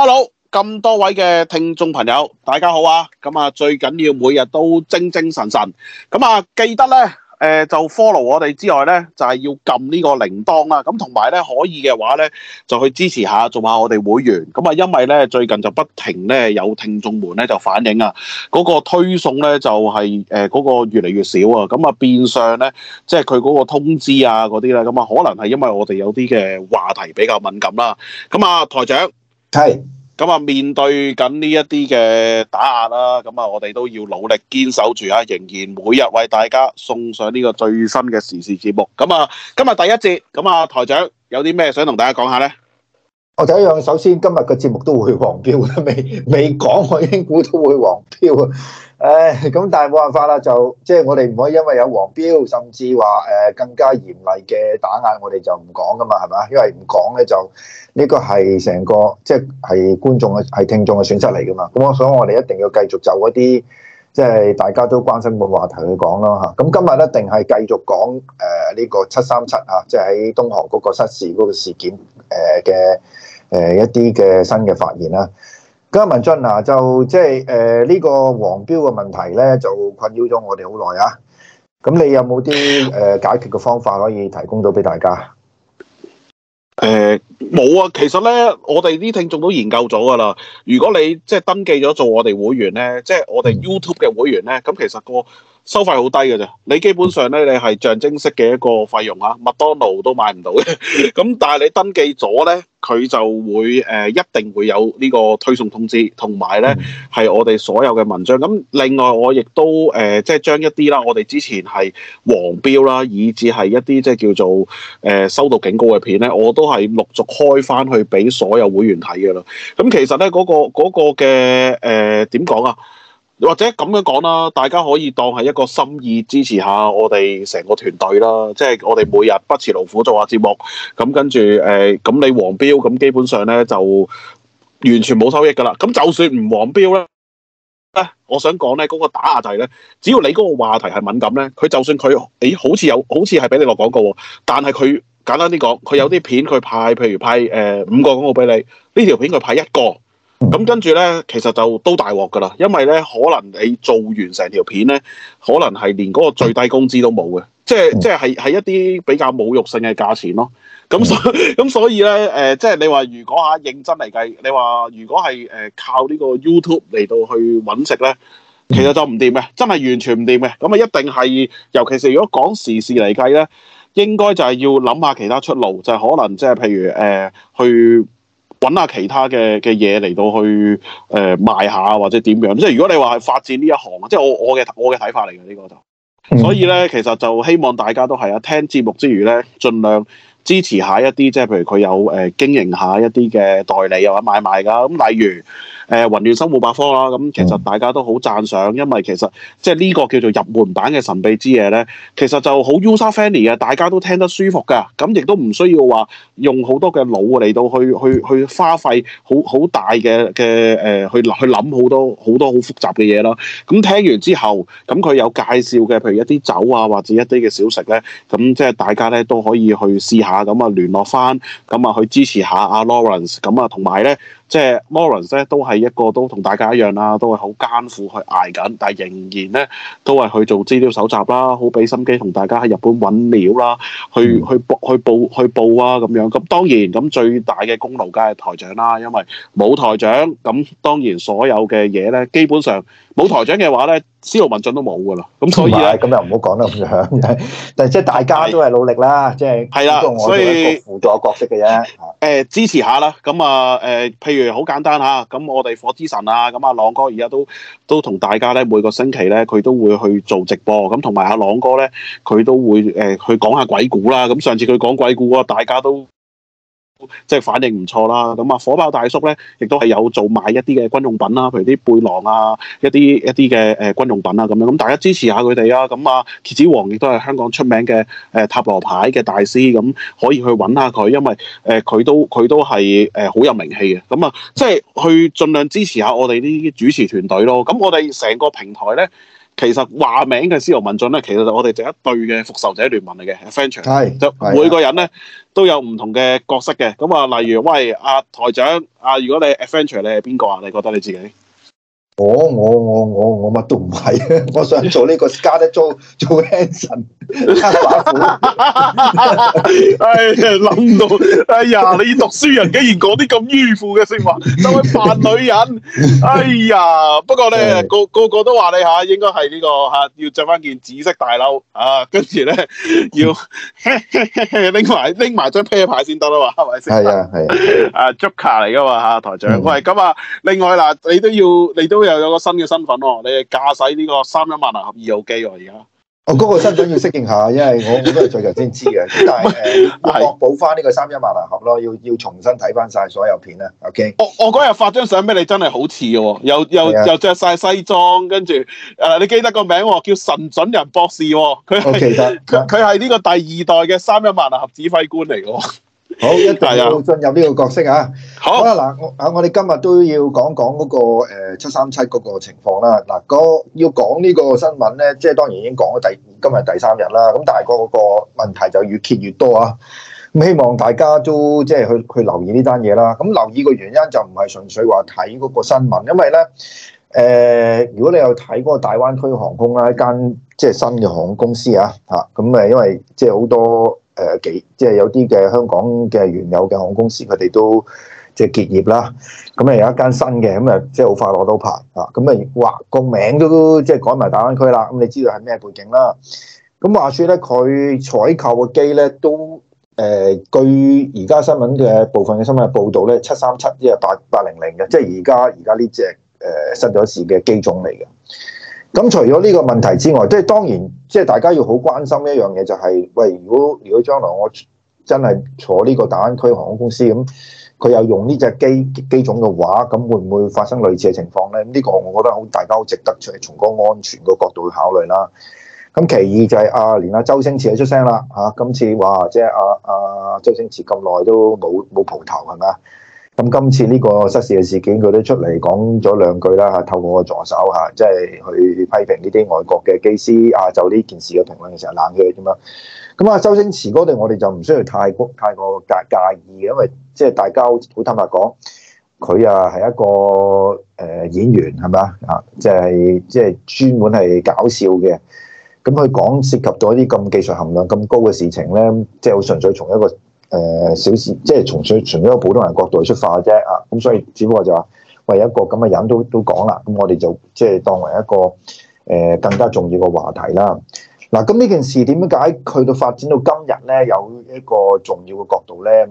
Hello，咁多位嘅聽眾朋友，大家好啊！咁啊，最緊要每日都精精神神，咁啊記得咧，誒、呃、就 follow 我哋之外咧，就係、是、要撳呢個鈴鐺啦。咁同埋咧，可以嘅話咧，就去支持下，做下我哋會員。咁啊，因為咧最近就不停咧有聽眾們咧就反映啊，嗰、那個推送咧就係誒嗰個越嚟越少啊。咁啊，變相咧即係佢嗰個通知啊嗰啲咧，咁啊可能係因為我哋有啲嘅話題比較敏感啦。咁啊，啊，台長。係，咁啊是面對緊呢一啲嘅打壓啦，咁啊我哋都要努力堅守住啊，仍然每日為大家送上呢個最新嘅時事節目。咁啊，今日第一節，咁啊台長有啲咩想同大家講下呢？我就一樣，首先今日嘅節目都會黃標啊，未未講我已經估到會黃標啊。唉，咁但係冇辦法啦，就即係我哋唔可以因為有黃標，甚至話誒、呃、更加嚴厲嘅打壓，我哋就唔講噶嘛，係咪？因為唔講咧，就、這、呢個係成個即係係觀眾嘅係聽眾嘅損失嚟噶嘛。咁我想我哋一定要繼續就一啲即係大家都關心嘅話題去講咯嚇。咁、嗯、今日一定係繼續講誒呢、呃這個七三七啊，即係喺東航嗰個失事嗰個事件誒嘅誒一啲嘅新嘅發現啦。咁文進啊，就即係誒呢個黃標嘅問題咧，就困擾咗我哋好耐啊。咁、啊、你有冇啲誒解決嘅方法可以提供到俾大家？誒、呃，冇啊。其實咧，我哋啲聽眾都研究咗噶啦。如果你即係登記咗做我哋會員咧，即係我哋 YouTube 嘅會員咧，咁其實、嗰個。收費好低嘅啫，你基本上咧，你係象徵式嘅一個費用啊。麥當勞都買唔到嘅，咁但係你登記咗咧，佢就會誒、呃、一定會有呢個推送通知，同埋咧係我哋所有嘅文章。咁另外我亦都誒、呃、即係將一啲啦，我哋之前係黃標啦，以至係一啲即係叫做誒收到警告嘅片咧，我都係陸續開翻去俾所有會員睇嘅咯。咁其實咧，嗰個嗰個嘅誒點講啊？呃或者咁樣講啦，大家可以當係一個心意支持下我哋成個團隊啦，即係我哋每日不辭勞苦做下節目，咁跟住誒、咁、呃、你黃標咁基本上咧就完全冇收益噶啦。咁就算唔黃標咧，我想講咧嗰個打壓制咧，只要你嗰個話題係敏感咧，佢就算佢誒好似有，好似係俾你落廣告，但係佢簡單啲講，佢有啲片佢派，譬如派誒五、呃、個廣告俾你，呢條片佢派一個。咁、嗯、跟住咧，其實就都大鑊噶啦，因為咧，可能你做完成條片咧，可能係連嗰個最低工資都冇嘅，即係即係係係一啲比較侮辱性嘅價錢咯。咁、嗯、咁所以咧，誒、嗯呃，即係你話如果嚇、啊、認真嚟計，你話如果係誒、呃、靠呢個 YouTube 嚟到去揾食咧，其實就唔掂嘅，真係完全唔掂嘅。咁、嗯、啊，一定係，尤其是如果講時事嚟計咧，應該就係要諗下其他出路，就係、可能即係譬如誒、呃、去。揾下其他嘅嘅嘢嚟到去誒、呃、賣下或者點樣。即係如果你話係發展呢一行，即係我我嘅我嘅睇法嚟嘅呢個就，嗯、所以咧，其實就希望大家都係啊，聽節目之餘咧，盡量支持一下一啲即係譬如佢有誒、呃、經營一下一啲嘅代理又或者買賣㗎。咁、嗯，例如。誒混亂生活百科啦，咁其實大家都好讚賞，因為其實即係呢個叫做入門版嘅神秘之夜咧，其實就好 user friendly 嘅，大家都聽得舒服嘅，咁亦都唔需要話用好多嘅腦嚟到去去去花費好好大嘅嘅誒去去諗好多好多好複雜嘅嘢咯。咁聽完之後，咁佢有介紹嘅，譬如一啲酒啊，或者一啲嘅小食咧，咁即係大家咧都可以去試下，咁啊聯絡翻，咁啊去支持下阿 Lawrence，咁啊同埋咧。即係 Morris 咧，都係一個都同大家一樣啦，都係好艱苦去捱緊，但係仍然咧都係去做資料搜集啦，好俾心機同大家喺日本搵料啦，去、嗯、去、去報去報去報啊咁樣。咁當然咁最大嘅功勞梗係台長啦，因為冇台長，咁當然所有嘅嘢咧，基本上冇台長嘅話咧。司徒文進都冇噶啦，咁所以咁又唔好講得咁響嘅，但係即係大家都係努力啦，即係係啦，輔所以輔助角色嘅啫。誒、呃，支持下啦，咁啊，誒、呃，譬如好簡單吓，咁我哋火之神啊，咁阿朗哥而家都都同大家咧，每個星期咧，佢都會去做直播，咁同埋阿朗哥咧，佢都會誒、呃、去講下鬼故啦。咁上次佢講鬼故啊，大家都。即係反應唔錯啦，咁啊火爆大叔咧，亦都係有做買一啲嘅軍用品啦，譬如啲背囊啊，一啲一啲嘅誒軍用品啊。咁樣，咁大家支持下佢哋啊，咁啊蠍子王亦都係香港出名嘅誒塔羅牌嘅大師，咁可以去揾下佢，因為誒佢都佢都係誒好有名氣嘅，咁啊即係去盡量支持下我哋呢啲主持團隊咯，咁我哋成個平台咧。其實話名嘅司徒文進咧，其實就我哋就一隊嘅復仇者聯盟嚟嘅，Adventure。係就每個人咧都有唔同嘅角色嘅。咁啊，例如喂啊，台長，啊，如果你 Adventure，你係邊個啊？你覺得你自己？我我我我我乜都唔係，我想做呢個加得做做 handsen，哎諗到哎呀，你要讀書人竟然講啲咁迂腐嘅說話，就去扮女人，哎呀！Ministry、不過咧個個，個個個都話你吓，應該係呢個吓、這個，要着翻件紫色大褸啊，跟住咧要拎埋拎埋張啤牌先得啦嘛，係咪先？係啊係啊，啊，Joker 嚟噶嘛吓台長，喂咁啊，另外嗱，你都要你都。又有個新嘅身份喎、哦，你係駕駛呢個三一萬能俠二號機喎，而家。哦，嗰、哦嗰個身份要適應下， 因為我好多係最近先知嘅。 但係誒，我補翻呢個三一萬能俠咯，要要重新睇翻晒所有片咧。O、okay? K。我我嗰日發張相俾你，真係好似喎，又又的又著晒西裝，跟住誒，你記得個名、哦、叫神準人博士喎、哦，佢係佢佢係呢個第二代嘅三一萬能俠指揮官嚟嘅喎。好，一定要進入呢個角色是好啊！好啊，嗱，啊，我哋今日都要講講嗰、嗰個誒七三七嗰個情況啦。嗱、啊，嗰個要講呢個新聞咧，即係當然已經講咗第今日第三日啦。咁但係、嗰個嗰、嗰個問題就越揭越多啊！咁希望大家都即係去去留意呢單嘢啦。咁、嗯、留意嘅原因就唔係純粹話睇嗰個新聞，因為咧誒、呃，如果你有睇嗰個大灣區航空啦，一間即係新嘅航空公司啊，嚇咁啊、嗯，因為即係好多。誒幾、呃、即係有啲嘅香港嘅原有嘅航空公司佢哋都即係結業啦，咁啊有一間新嘅咁啊即係好快攞到牌啊，咁啊話個名都即係改埋大灣區啦，咁你知道係咩背景啦？咁話說咧，佢採購嘅機咧都誒、呃、據而家新聞嘅部分嘅新聞報道咧，七三七即係八八零零嘅，即係而家而家呢隻誒失咗事嘅機種嚟嘅。咁除咗呢個問題之外，即係當然，即係大家要好關心一樣嘢，就是，就係喂，如果如果將來我真係坐呢個大灣區航空公司咁，佢又用呢隻機機種嘅話，咁會唔會發生類似嘅情況咧？呢個我覺得好，大家都值得出嚟從個安全個角度去考慮啦。咁其二就係，是、阿、啊、連阿、啊、周星馳都出聲啦，嚇、啊！今次哇，即係阿阿周星馳咁耐都冇冇蒲頭係咪啊？咁今次呢個失事嘅事件，佢都出嚟講咗兩句啦嚇，透過我助手嚇，即係去批評呢啲外國嘅機師啊，就呢件事嘅評論嘅時候冷佢。點樣？咁啊，周星馳嗰度我哋就唔需要太過太過介介意嘅，因為即係大家好坦白講，佢啊係一個誒演員係咪啊？啊，即係即係專門係搞笑嘅。咁佢講涉及咗啲咁技術含量咁高嘅事情咧，即係純粹從一個。誒、呃、小事，即係從最純一個普通人角度出發啫啊！咁所以只不過就話，喂一個咁嘅人都都講啦，咁我哋就即係當為一個誒、呃、更加重要嘅話題啦。嗱，咁呢件事點解去到發展到今日咧，有一個重要嘅角度咧，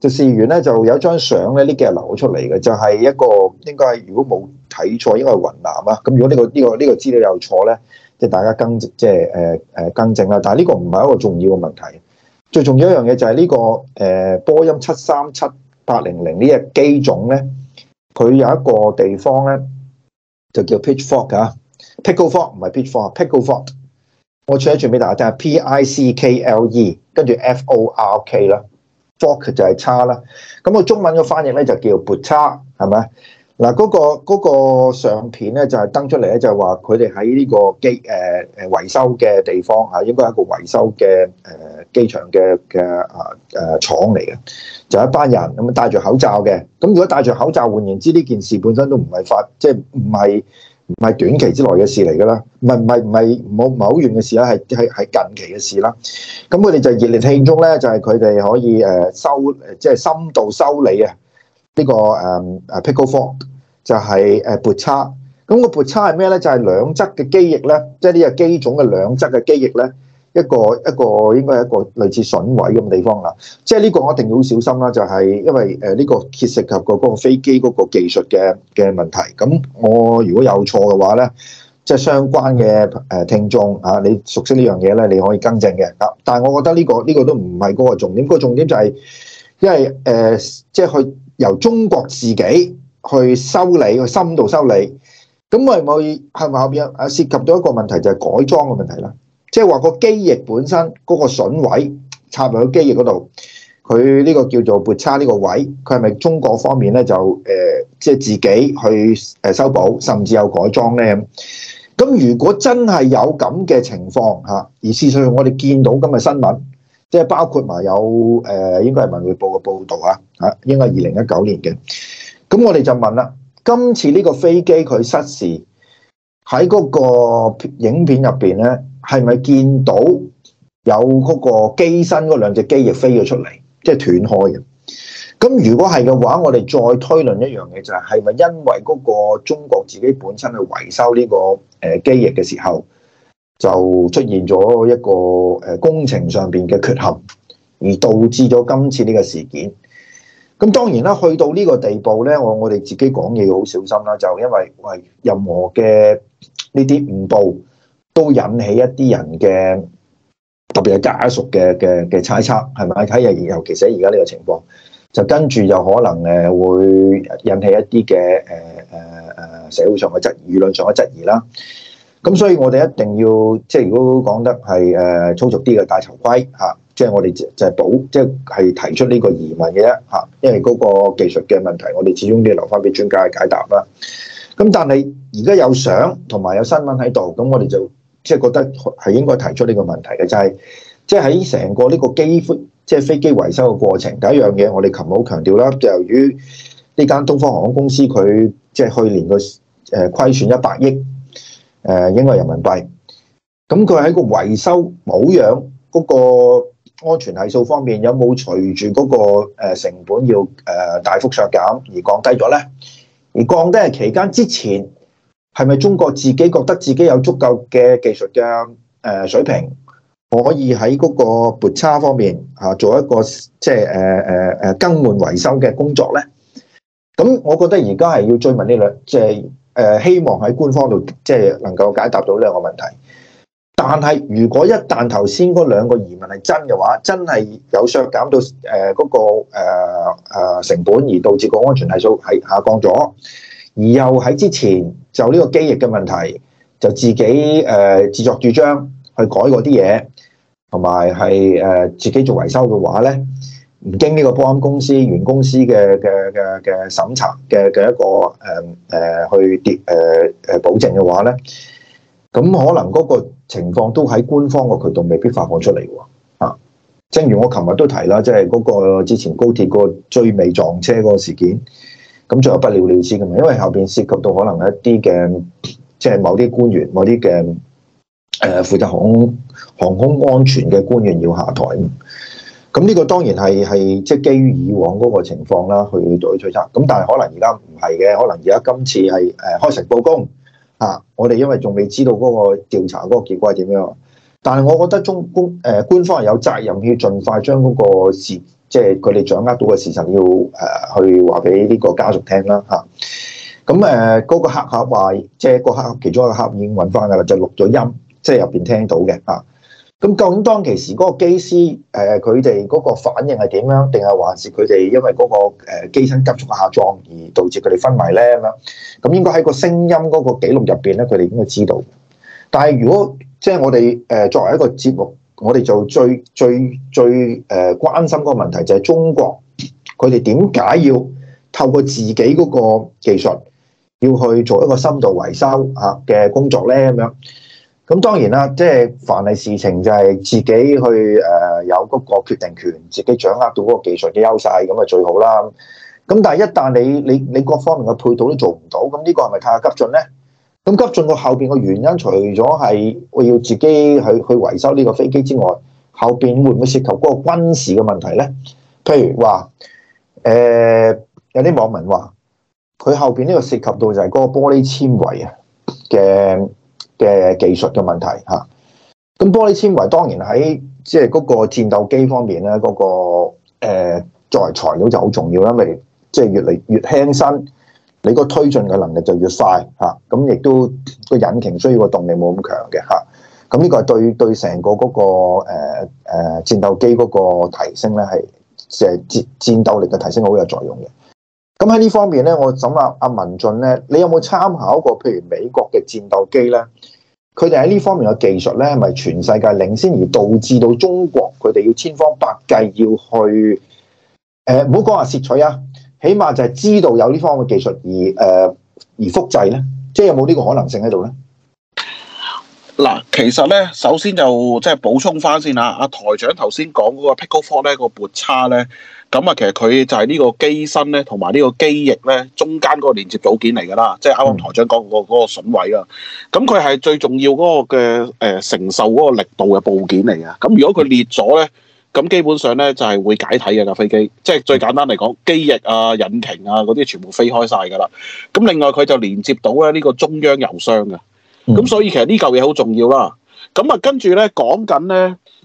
就事完咧就有一張相咧，呢幾日流咗出嚟嘅，就係、是、一個應該係如果冇睇錯，應該係雲南啊。咁如果呢、呢個呢、呢個呢、呢個資料有錯咧，即係大家更即係誒誒更正啦。但係呢個唔係一個重要嘅問題。最重要一樣嘢就係呢、呢個誒、呃、波音七三七八零零呢隻機種咧，佢有一個地方咧就叫 pitchfork 啊，picklefork 唔係 pitchfork picklefork 我唱一串俾大家聽，p i c k l e 跟住 f o r k 啦，fork 就係叉啦，咁個中文嘅翻譯咧就叫撥叉，係咪嗱，嗰、那個那個相片咧就係、是、登出嚟咧，就係話佢哋喺呢個機誒誒、呃、維修嘅地方嚇，應該係一個維修嘅誒、呃、機場嘅嘅啊誒、啊、廠嚟嘅，就是、一班人咁、呃、戴住口罩嘅。咁如果戴住口罩，換言之，呢件事本身都唔係發，即係唔係唔係短期之內嘅事嚟噶啦，唔係唔係唔係冇唔係好遠嘅事啦，係係係近期嘅事啦。咁佢哋就熱烈慶祝咧，就係佢哋可以誒修，即、就、係、是、深度修理啊！呢個誒誒，pickle fork 就係誒撥叉。咁個撥叉係咩咧？就係兩側嘅機翼咧，即係呢個機種嘅兩側嘅機翼咧，一個一個應該係一個類似筍位咁嘅地方啦。即係呢個我一定要小心啦，就係因為誒呢個鐵石及個嗰個飛機嗰個技術嘅嘅問題。咁我如果有錯嘅話咧，即係相關嘅誒聽眾吓，你熟悉呢樣嘢咧，你可以更正嘅。咁但係我覺得呢個呢個都唔係嗰個重點。個重點就係因為誒即係去。由中國自己去修理，去深度修理，咁係咪？係咪後邊啊涉及到一個問題就係、是、改裝嘅問題啦。即係話個機翼本身嗰、那個筍位插入個機翼嗰度，佢呢個叫做撥叉呢個位，佢係咪中國方面咧就誒、呃、即係自己去誒修補，甚至有改裝咧？咁如果真係有咁嘅情況吓，而事實上我哋見到今日新聞。即係包括埋有誒、呃，應該係文匯報嘅報道啊，吓應該係二零一九年嘅。咁我哋就問啦，今次呢個飛機佢失事喺嗰個影片入邊咧，係咪見到有嗰個機身嗰兩隻機翼飛咗出嚟，即係斷開嘅？咁如果係嘅話，我哋再推論一樣嘢就係、是，係咪因為嗰個中國自己本身去維修呢個誒機翼嘅時候？就出現咗一個誒工程上邊嘅缺陷，而導致咗今次呢個事件。咁當然啦，去到呢個地步咧，我我哋自己講嘢要好小心啦。就因為喂任何嘅呢啲誤報，都引起一啲人嘅特別係家屬嘅嘅嘅猜測，係咪？睇下尤其係而家呢個情況，就跟住又可能誒會引起一啲嘅誒誒誒社會上嘅質疑，輿論上嘅質疑啦。咁所以，我哋一定要即係，如果講得係誒粗俗啲嘅大頭盔吓，即、啊、係、就是、我哋就係保，即、就、係、是、提出呢個疑問嘅啫吓，因為嗰個技術嘅問題，我哋始終都要留翻俾專家去解答啦。咁但係而家有相同埋有新聞喺度，咁我哋就即係覺得係應該提出呢個問題嘅，就係即係喺成個呢個機、就是、飛即係飛機維修嘅過程。第一樣嘢，我哋琴日好強調啦，就由於呢間東方航空公司佢即係去年個誒虧損一百億。誒應該係人民幣，咁佢喺個維修保養嗰個安全係數方面，有冇隨住嗰個成本要誒大幅削減而降低咗呢？而降低嘅期間之前，係咪中國自己覺得自己有足夠嘅技術嘅誒水平，可以喺嗰個撥叉方面嚇做一個即係誒誒誒更換維修嘅工作呢？咁我覺得而家係要追問呢兩即係。就是誒希望喺官方度即係能夠解答到呢兩個問題，但係如果一旦頭先嗰兩個疑問係真嘅話，真係有削減到誒嗰、呃嗰個誒、呃呃、成本，而導致個安全係數係下降咗，而又喺之前就呢個機翼嘅問題就自己誒、呃、自作主張去改嗰啲嘢，同埋係誒自己做維修嘅話咧。唔經呢個保安公司、原公司嘅嘅嘅嘅審查嘅嘅一個誒誒、嗯呃、去跌誒誒保證嘅話咧，咁可能嗰個情況都喺官方個渠道未必發放出嚟喎、啊。正如我琴日都提啦，即係嗰個之前高鐵嗰個追尾撞車嗰個事件，咁最後不了了之嘅嘛。因為後邊涉及到可能一啲嘅，即、就、係、是、某啲官員、某啲嘅誒負責航空航空安全嘅官員要下台。咁呢個當然係係即係基於以往嗰個情況啦，去做啲推測。咁但係可能而家唔係嘅，可能而家今次係誒開誠佈公嚇、啊。我哋因為仲未知道嗰個調查嗰、那個結果係點樣，但係我覺得中官誒、呃、官方係有責任要盡快將嗰、那個事，即係佢哋掌握到嘅事實要誒、呃、去話俾呢個家屬聽啦嚇。咁誒嗰個黑盒話，即係個黑盒其中一個黑盒已經揾翻噶啦，就錄咗音，即係入邊聽到嘅嚇。啊。咁究竟當其時嗰個機師誒，佢哋嗰個反應係點樣？定係還是佢哋因為嗰個誒機身急速下降而導致佢哋昏迷呢？咁樣？咁應該喺個聲音嗰個記錄入邊咧，佢哋應該知道。但係如果即係、就是、我哋誒，作為一個節目，我哋就最最最誒關心個問題就係中國，佢哋點解要透過自己嗰個技術要去做一個深度維修啊嘅工作呢？咁樣？咁當然啦，即係凡係事情就係自己去誒、呃、有嗰個決定權，自己掌握到嗰個技術嘅優勢咁啊最好啦。咁但係一旦你你你各方面嘅配套都做唔到，咁呢個係咪太急進呢？咁急進個後邊嘅原因，除咗係我要自己去去維修呢個飛機之外，後邊會唔會涉及嗰個軍事嘅問題呢？譬如話誒、呃，有啲網民話佢後邊呢個涉及到就係嗰個玻璃纖維啊嘅嘅技術嘅問題嚇，咁玻璃纖維當然喺即係嗰個戰鬥機方面咧，嗰、那個、呃、作為材料就好重要，因為即係越嚟越輕身，你個推進嘅能力就越快嚇，咁、啊、亦都個引擎需要個動力冇咁強嘅嚇。咁、啊、呢個係對對成個嗰、那個誒誒、呃呃、戰鬥機嗰個提升咧，係即係戰鬥力嘅提升好有作用嘅。咁喺呢方面咧，我諗下阿文進咧，你有冇參考過譬如美國嘅戰鬥機咧？佢哋喺呢方面嘅技術咧，係咪全世界領先而導致到中國佢哋要千方百計要去？誒、呃，唔好講話竊取啊，起碼就係知道有呢方面嘅技術而誒、呃、而複製咧，即係有冇呢個可能性喺度咧？嗱，其實咧，首先就即係補充翻先啦。阿台長頭先講嗰個 Pickle Fork 咧個撥叉咧，咁啊，其實佢就係呢個機身咧同埋呢個機翼咧中間嗰個連接組件嚟㗎啦。即係啱啱台長講嗰個嗰個損位啊，咁佢係最重要嗰個嘅誒承受嗰個力度嘅部件嚟啊。咁如果佢裂咗咧，咁基本上咧就係會解體嘅架飛機。即係最簡單嚟講，機翼啊、引擎啊嗰啲全部飛開晒㗎啦。咁另外佢就連接到咧呢個中央油箱㗎。咁、嗯、所以其實呢嚿嘢好重要啦。咁啊，跟住咧講緊咧，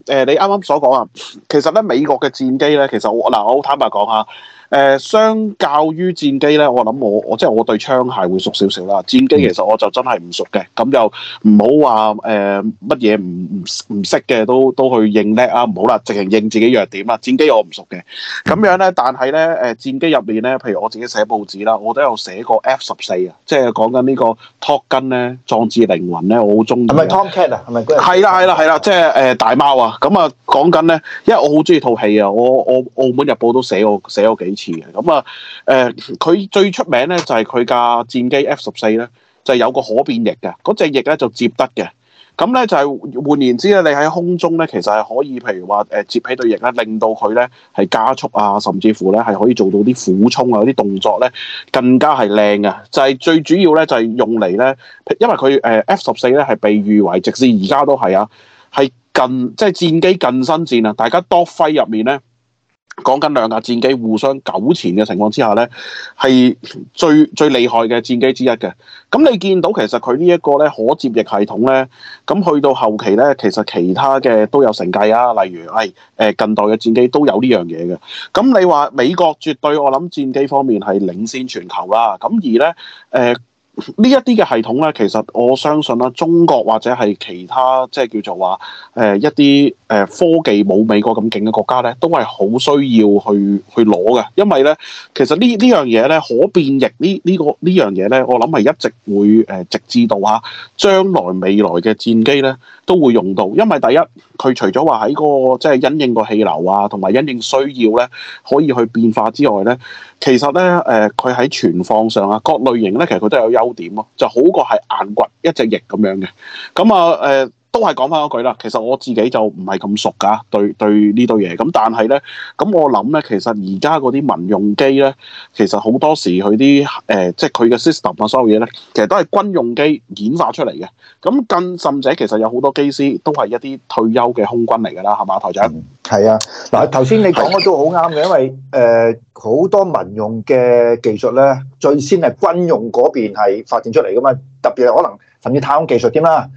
誒、呃，你啱啱所講啊，其實咧美國嘅戰機咧，其實我嗱、呃，我好坦白講下。誒、呃、相較於戰機咧，我諗我我即係、就是、我對槍械會熟少少啦。戰機其實我就真係唔熟嘅，咁就唔好話誒乜嘢唔唔唔識嘅，都都去認叻啊！唔好啦，直情認自己弱點啦。戰機我唔熟嘅，咁樣咧，但係咧誒戰機入面咧，譬如我自己寫報紙啦，我都有寫過 F 十四啊，即係講緊呢個 Top Gun 咧，壯志凌雲咧，我好中意、這個。係咪 Tomcat 啊？係咪？係啦係啦係啦，即係誒大貓啊！咁啊講緊咧，因為我好中意套戲啊，我我澳門日報都寫我寫咗幾。咁啊，誒、嗯，佢、呃、最出名咧就係佢架戰機 F 十四咧，就係、是、有個可變翼嘅，嗰隻翼咧就接得嘅。咁咧就係、是、換言之咧，你喺空中咧，其實係可以，譬如話誒、呃，接起對翼咧，令到佢咧係加速啊，甚至乎咧係可以做到啲俯衝啊啲動作咧，更加係靚啊。就係、是、最主要咧，就係、是、用嚟咧，因為佢誒、呃、F 十四咧係被譽為，直至而家都係啊，係近即係、就是、戰機近身戰啊，大家 dog fight 入面咧。講緊兩架戰機互相糾纏嘅情況之下呢，係最最厲害嘅戰機之一嘅。咁、嗯、你見到其實佢呢一個呢可接翼系統呢，咁、嗯、去到後期呢，其實其他嘅都有承繼啊。例如，誒、哎、誒、呃、近代嘅戰機都有呢樣嘢嘅。咁、嗯、你話美國絕對我諗戰機方面係領先全球啦、啊。咁、嗯、而呢。誒、呃。呢一啲嘅系統咧，其實我相信啦、啊，中國或者係其他即係叫做話、啊、誒、呃、一啲誒、呃、科技冇美國咁勁嘅國家咧，都係好需要去去攞嘅，因為咧其實呢、這個、呢樣嘢咧可變翼呢呢個呢樣嘢咧，我諗係一直會誒、呃、直至到啊將來未來嘅戰機咧都會用到，因為第一佢除咗話喺嗰個即係因應個氣流啊，同埋因應需要咧可以去變化之外咧，其實咧誒佢喺存放上啊各類型咧其實佢都有優點咯，就好過係硬骨一隻翼咁樣嘅，咁啊誒。 都係講翻嗰句啦，其實我自己就唔係咁熟噶，對對呢度嘢。咁但係咧，咁我諗咧，其實而家嗰啲民用機咧，其實好多時佢啲誒，即係佢嘅 system 啊，所有嘢咧，其實都係軍用機演化出嚟嘅。咁更甚者，其實有好多機師都係一啲退休嘅空軍嚟㗎啦，係嘛，台長？係、嗯、啊，嗱，頭先你講嘅都好啱嘅，因為誒好、呃、多民用嘅技術咧，最先係軍用嗰邊係發展出嚟㗎嘛，特別係可能甚至太空技術添啦。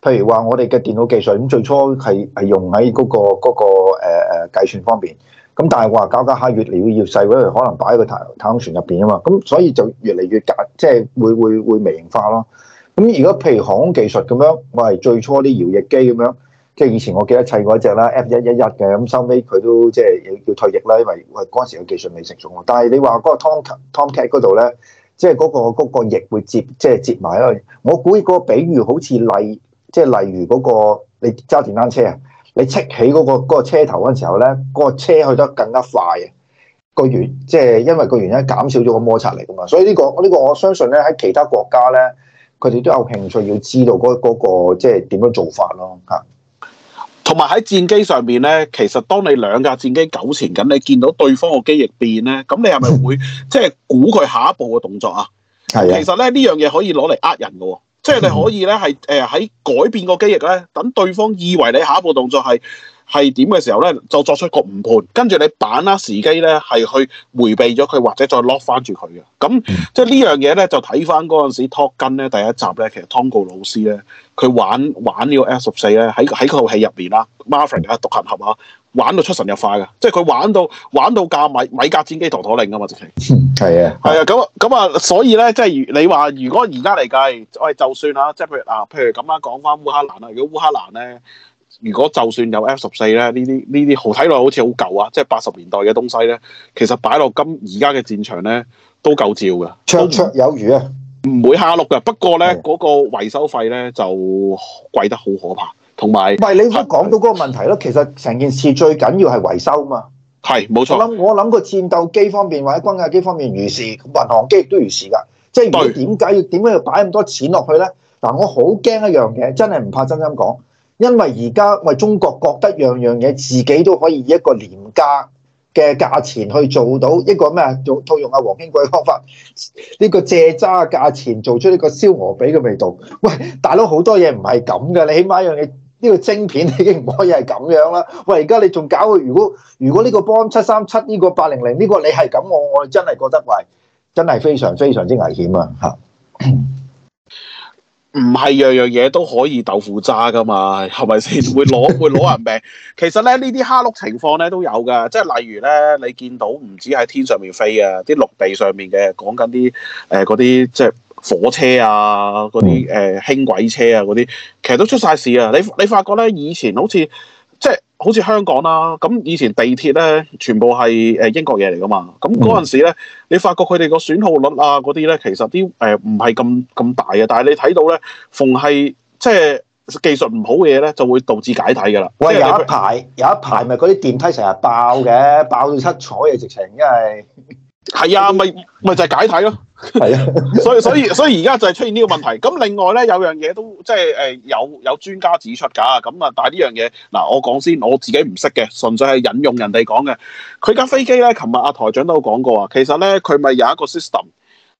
譬如話我哋嘅電腦技術，咁最初係係用喺嗰個嗰個誒誒計算方面，咁但係話搞搞下越嚟越細，因為可能擺喺個太空船入邊啊嘛，咁所以就越嚟越緊，即係會會會微型化咯。咁如果譬如航空技術咁樣，我係最初啲搖翼機咁樣，即係以前我記得砌過一隻啦，F 一一一嘅，咁收尾佢都即係要退役啦，因為喂嗰陣時嘅技術未成熟。但係你話嗰個 cat, Tom Tomcat 嗰度咧，即係嗰個嗰個翼會接即係接埋咯，我估嗰個比喻好似例。即係例如嗰個你揸電單車啊，你戚起嗰個嗰個車頭嗰陣時候咧，嗰個車去得更加快啊！個原即係因為個原因減少咗個摩擦力噶嘛，所以呢個呢個我相信咧，喺其他國家咧，佢哋都有興趣要知道嗰嗰個即係點樣做法咯。同埋喺戰機上邊咧，其實當你兩架戰機糾纏緊，你見到對方個機翼變咧，咁你係咪會即係估佢下一步嘅動作啊？係， 其實咧呢樣嘢可以攞嚟呃人噶。即係你可以咧，係誒喺改變個機翼咧，等對方以為你下一步動作係係點嘅時候咧，就作出個誤判，跟住你把握時機咧，係去迴避咗佢，或者再 lock 翻住佢嘅。咁即係呢樣嘢咧，就睇翻嗰陣時 Top Gun 咧第一集咧，其實湯告魯斯咧，佢玩玩個呢個 F 十四咧，喺喺個戲入面啦，Maverick 啊，獨行俠啊。玩到出神入化嘅，即係佢玩到玩到架米米格戰機陀陀陀令啊嘛，直情係啊，係啊， 咁啊咁啊，所以咧，即係你話如果而家嚟計，喂，就算啊，即係譬如啊，譬如咁啊，講翻烏克蘭啊，如果烏克蘭咧，如果就算有 F 十四咧，呢啲呢啲好睇落好似好舊啊，即係八十年代嘅東西咧，其實擺落今而家嘅戰場咧都夠照嘅，綽綽有餘啊，唔會下落噶，不過咧嗰個維修費咧就貴得好可怕。的 同埋，唔係你都講到嗰個問題咯。 其實成件事最緊要係維修嘛。係冇錯。我諗我諗個戰鬥機方面或者軍械機方面，如是民航機亦都如是㗎。即係點解要點解要擺咁多錢落去咧？嗱，我好驚一樣嘢，真係唔怕真心講，因為而家我中國覺得樣樣嘢自己都可以以一個廉價嘅價錢去做到一個咩啊？套套用阿黃興貴嘅方法，呢個借渣價錢做出呢個燒鵝髀嘅味道。喂，大佬好多嘢唔係咁㗎，你起碼一樣嘢。呢個晶片已經唔可以係咁樣啦！喂，而家你仲搞到？如果如果呢個波音七三七呢個八零零呢個你係咁我我真係覺得喂，真係非常非常之危險啊！嚇 ，唔係樣樣嘢都可以豆腐渣噶嘛，係咪先會攞會攞人命？其實咧呢啲蝦碌情況咧都有嘅，即係例如咧你見到唔止喺天上面飛啊，啲陸地上面嘅講緊啲誒嗰啲即係。火車啊，嗰啲誒輕軌車啊，嗰啲其實都出晒事啊！你你發覺咧，以前好似即係好似香港啦、啊，咁以前地鐵咧全部係誒英國嘢嚟㗎嘛，咁嗰陣時咧，嗯、你發覺佢哋個損耗率啊嗰啲咧，其實啲誒唔係咁咁大嘅，但係你睇到咧，逢係即係技術唔好嘅嘢咧，就會導致解體㗎啦。喂有，有一排有一排咪嗰啲電梯成日爆嘅， 爆到七彩嘅直情，因為。係啊，咪咪就係、是、解體咯，係 啊，所以所以所以而家就係出現呢個問題。咁另外咧，有樣嘢都即係誒、呃，有有專家指出噶。咁啊，但係呢樣嘢嗱，我講先，我自己唔識嘅，純粹係引用人哋講嘅。佢架飛機咧，琴日阿台長都有講過啊。其實咧，佢咪有一個 system，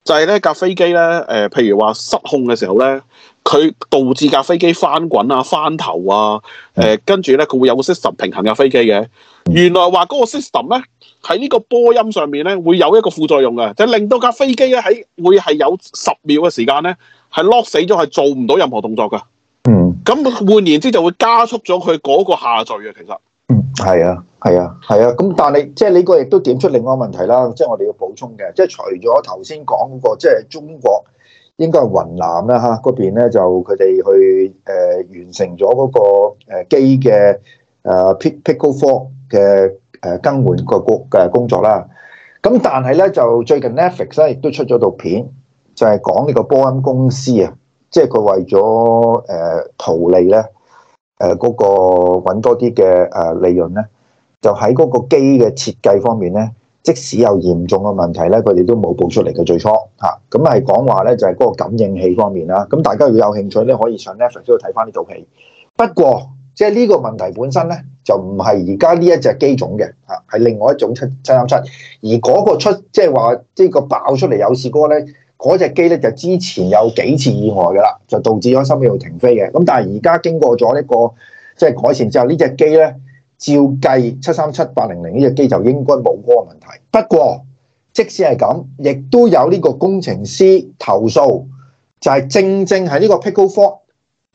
就係咧架飛機咧，誒、呃，譬如話失控嘅時候咧。佢導致架飛機翻滾啊、翻頭啊，誒跟住咧，佢會有個 system 平衡架飛機嘅。原來話嗰個 system 咧喺呢個波音上面咧會有一個副作用嘅，就是、令到架飛機咧喺會係有十秒嘅時間咧係 lock 死咗，係做唔到任何動作嘅。嗯，咁換言之就會加速咗佢嗰個下墜啊。其實，嗯，係啊，係啊，係啊。咁但係即係呢個亦都點出另外問題啦，即係我哋要補充嘅，即係除咗頭先講過，即係中國。應該係雲南啦，嚇嗰邊咧就佢哋去誒、呃、完成咗嗰個誒機嘅誒 pickle fork 嘅誒更換個局嘅工作啦。咁但係咧就最近 Netflix 咧亦都出咗套片，就係、是、講呢個波音公司啊，即係佢為咗誒圖利咧誒嗰個揾多啲嘅誒利潤咧，就喺嗰個機嘅設計方面咧。即使有嚴重嘅問題咧，佢哋都冇報出嚟嘅最初嚇，咁係講話咧就係嗰個感應器方面啦。咁大家如果有興趣咧，可以上 Netflix 度睇翻呢套戲。不過，即係呢個問題本身咧，就唔係而家呢一隻機種嘅嚇，係另外一種七七三七，而嗰個出即係話呢個爆出嚟有事歌咧，嗰隻機咧就之前有幾次意外噶啦，就導致咗心夜度停飛嘅。咁但係而家經過咗呢、這個即係、就是、改善之後，隻機呢隻機咧。照計七三七八零零呢隻機就應該冇嗰個問題。不過即使係咁，亦都有呢個工程師投訴，就係正正係呢個 Pickle Fork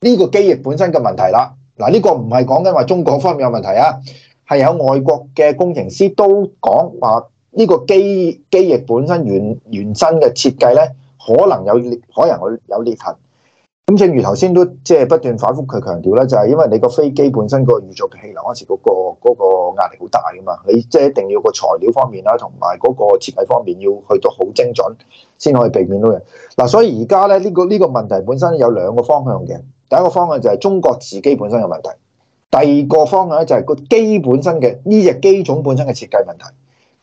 呢個機翼本身嘅問題啦。嗱，呢個唔係講緊話中國方面有問題啊，係有外國嘅工程師都講話呢個機機翼本身原原生嘅設計呢，可能有可能會有裂痕。咁正如頭先都即係不斷反覆佢強調咧，就係、是、因為你個飛機本身預、那個運作嘅氣流嗰時嗰個嗰個壓力好大噶嘛，你即係一定要個材料方面啦，同埋嗰個設計方面要去到好精準，先可以避免到嘅。嗱、啊，所以而家咧呢、這個呢、這個問題本身有兩個方向嘅，第一個方向就係中國自己本身嘅問題，第二個方向咧就係個機本身嘅呢隻機種本身嘅設計問題。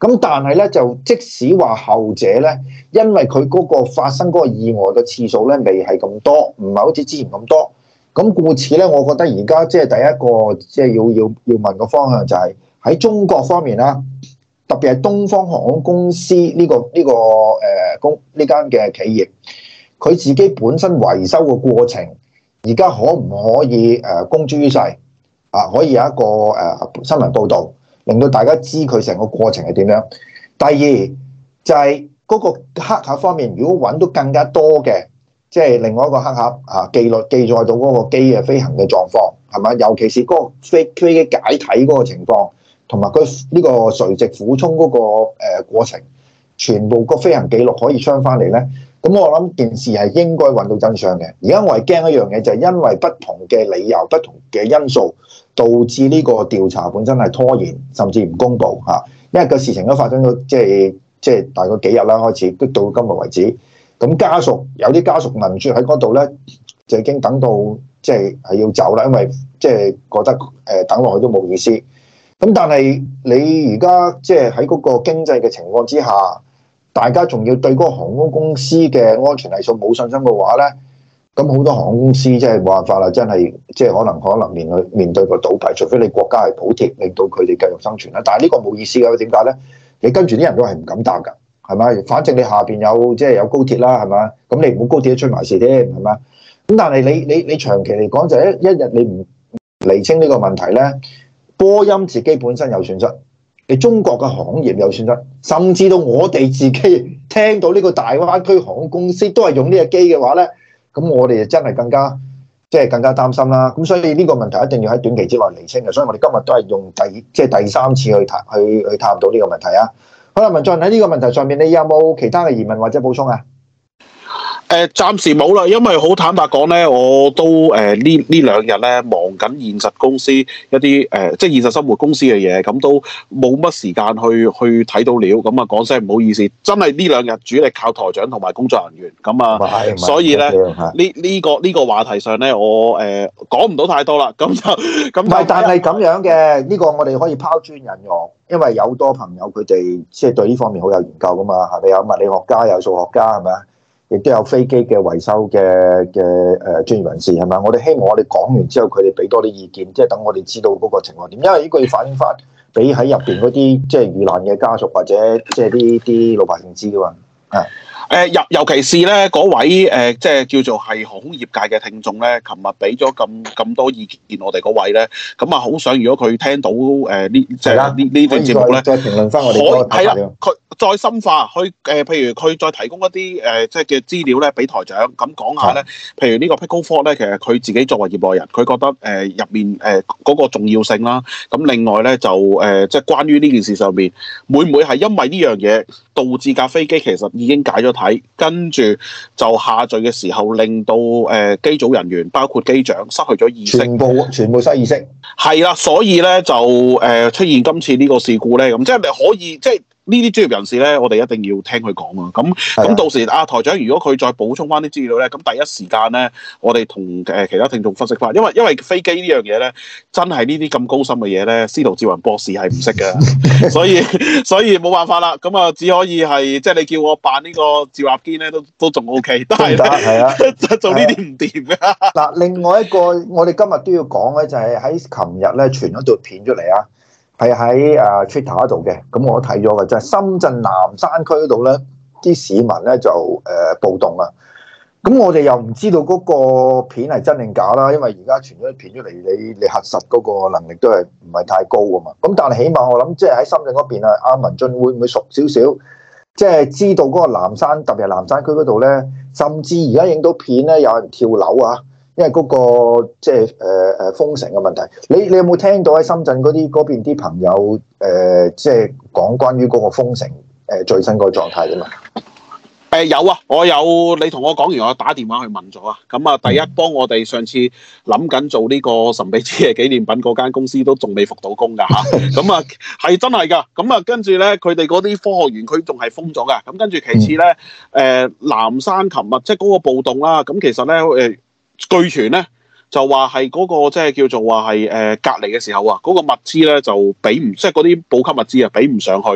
咁但係咧，就即使話後者咧，因為佢嗰個發生嗰個意外嘅次數咧，未係咁多，唔係好似之前咁多。咁故此咧，我覺得而家即係第一個即係要要要問個方向就係、係、喺中國方面啦，特別係東方航空公司呢、呢個呢、呢個誒、呢個呃、公呢間嘅企業，佢自己本身維修嘅過程，而家可唔可以誒公諸於世啊？可以有一個誒新聞報導。令到大家知佢成個過程係點樣。第二就係嗰個黑盒方面，如果揾到更加多嘅，即係另外一個黑盒啊，記錄記載到嗰個機嘅飛行嘅狀況，係咪？尤其是嗰個飛飛機解體嗰個情況同埋佢呢個垂直俯衝嗰個誒過程，全部個飛行記錄可以相翻嚟咧。咁我諗件事係應該揾到真相嘅。而家我係驚一樣嘢，就係、是、因為不同嘅理由、不同嘅因素。導致呢個調查本身係拖延，甚至唔公布嚇，因為個事情都發生咗，即係即係大概幾日啦開始，到今日為止。咁家屬有啲家屬瞓住喺嗰度咧，就已經等到即係係要走啦，因為即係、就是、覺得誒等落去都冇意思。咁但係你而家即係喺嗰個經濟嘅情況之下，大家仲要對嗰個航空公司嘅安全係數冇信心嘅話咧？咁好多航空公司真係冇辦法啦，真係即係可能可能面對面對個倒閉，除非你國家係補貼，令到佢哋繼續生存啦。但係呢個冇意思噶，點解咧？你跟住啲人都係唔敢搭噶，係咪？反正你下邊有即係有高鐵啦，係咪？咁你唔好高鐵都出埋事添，係咪？咁但係你你你，你長期嚟講就一一日你唔釐清呢個問題咧，波音自己本身有損失，你中國嘅行業有損失，甚至到我哋自己聽到呢個大灣區航空公司都係用個機呢個機嘅話咧。咁我哋就真係更加，即係更加擔心啦。咁所以呢個問題一定要喺短期之內釐清嘅。所以我哋今日都係用第，即係第三次去探，去去探討呢個問題啊。好啦，文進喺呢個問題上面，你有冇其他嘅疑問或者補充啊？誒，暫時冇啦，因為好坦白講呢，我都誒、呃、呢呢兩日呢忙緊現實公司一啲誒、呃，即係現實生活公司嘅嘢，咁都冇乜時間去去睇到料。咁啊講聲唔好意思，真係呢兩日主力靠台長同埋工作人員，咁啊，是不是所以咧呢呢個呢是是 個話題上呢，我誒講唔到太多啦，咁就咁。就但係咁樣嘅呢個，是 我哋可以拋磚引玉，因為有多朋友佢哋即係對呢方面好有研究噶嘛，係咪？有物理學家，有數學家，係咪？亦都有飛機嘅維修嘅嘅誒專業人士係咪？我哋希望我哋講完之後，佢哋俾多啲意見，即係等我哋知道嗰個情況點，因為呢句反映法俾喺入邊嗰啲即係遇難嘅家屬或者即係啲啲老百姓知嘅嘛。啊誒，尤、呃、尤其是咧嗰位誒，即、呃、係叫，叫做係航空業界嘅聽眾咧，琴日俾咗咁咁多意見我，我哋嗰位咧，咁啊好想如果佢聽到誒呢即係呢呢段節目咧，再評論翻我哋係啦佢。再深化，去，誒、呃，譬如佢再提供一啲誒、呃，即係嘅資料咧，俾台長咁講下咧。的譬如呢個 Pickleford 咧，其實佢自己作為業外人，佢覺得誒入、呃、面誒嗰、呃那個重要性啦。咁另外咧就誒、呃、即係關於呢件事上邊，會唔會係因為呢樣嘢導致架飛機其實已經解咗體，跟住就下墜嘅時候，令到誒機、呃、組人員包括機長失去咗意識，全部全部失意識。係啦，所以咧就誒、呃、出現今次呢個事故咧，咁即係咪可以即係。即係即係呢啲專業人士咧，我哋一定要聽佢講啊！咁咁到時啊台長，如果佢再補充翻啲資料咧，咁第一時間咧，我哋同誒其他聽眾分析翻，因為因為飛機呢樣嘢咧，真係呢啲咁高深嘅嘢咧，司徒志雲博士係唔識嘅，所以所以冇辦法啦，咁啊只可以係即係你叫我扮呢個趙立堅咧，都都仲 O K，都係咧啊， 做呢啲唔掂㗎。嗱， 另外一個我哋今、就是、日都要講嘅就係喺琴日咧傳咗條片出嚟啊！係喺啊 Twitter 度嘅，咁我睇咗嘅就係、是、深圳南山區嗰度咧，啲市民咧就誒、呃、暴動啊！咁我哋又唔知道嗰個片係真定假啦，因為而家傳咗啲片出嚟，你你核實嗰個能力都係唔係太高啊嘛。咁但係起碼我諗，即係喺深圳嗰邊啊，阿文進會唔會熟少少，即、就、係、是、知道嗰個南山特別係南山區嗰度咧，甚至而家影到片咧，有人跳樓啊！因為嗰、那個即係誒誒封城嘅問題，你你有冇聽到喺深圳嗰啲嗰邊啲朋友誒，即係講關於嗰個封城誒、呃、最新個狀態啊嘛？誒、呃、有啊，我有你同我講完，我打電話去問咗啊。咁啊，第一幫我哋上次諗緊做呢個神秘之夜紀念品嗰間公司都仲未復到工㗎嚇。咁啊，係真係㗎。咁啊，跟住咧，佢哋嗰啲科學園區佢仲係封咗㗎。咁跟住其次咧，誒、呃、南山琴日即係嗰個暴動啦。咁、啊、其實咧誒。呃據傳咧就話係嗰個即係、就是、叫做話係誒隔離嘅時候啊，嗰、那個物資咧就畀唔即係嗰啲補給物資啊畀唔上去，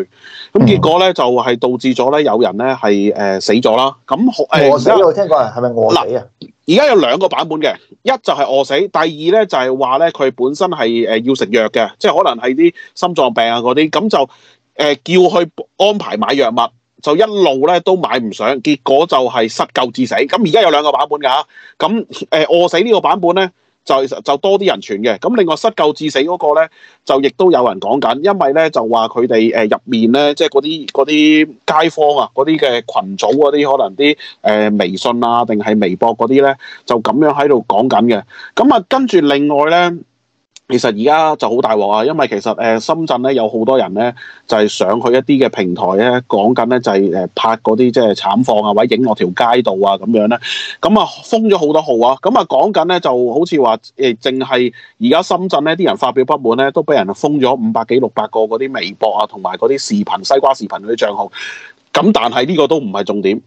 咁結果咧就係、是、導致咗咧有人咧係誒死咗啦。咁餓死，我聽過係咪餓死啊？而家、呃、有兩個版本嘅、呃，一就係餓死，第二咧就係話咧佢本身係誒、呃、要食藥嘅，即係可能係啲心臟病啊嗰啲，咁就誒、呃、叫佢安排買藥物。就一路咧都買唔上，結果就係失救致死。咁而家有兩個版本㗎，咁誒、呃、餓死呢個版本咧，就就多啲人傳嘅。咁另外失救致死嗰個咧，就亦都有人講緊，因為咧就話佢哋誒入面咧，即係嗰啲嗰啲街坊啊，嗰啲嘅群組嗰、啊、啲，可能啲誒、呃、微信啊，定係微博嗰啲咧，就咁樣喺度講緊嘅。咁啊，跟住另外咧。其實而家就好大鑊啊，因為其實誒、呃，深圳咧有好多人咧就係、是、上去一啲嘅平台咧，講緊咧就係誒拍嗰啲即係慘況啊，或者影落條街道啊咁樣咧，咁啊封咗好多號啊，咁啊講緊咧就好似話誒，淨係而家深圳咧啲人發表不滿咧，都俾人封咗五百幾六百個嗰啲微博啊，同埋嗰啲視頻西瓜視頻嗰啲賬號。咁但係呢個都唔係重點，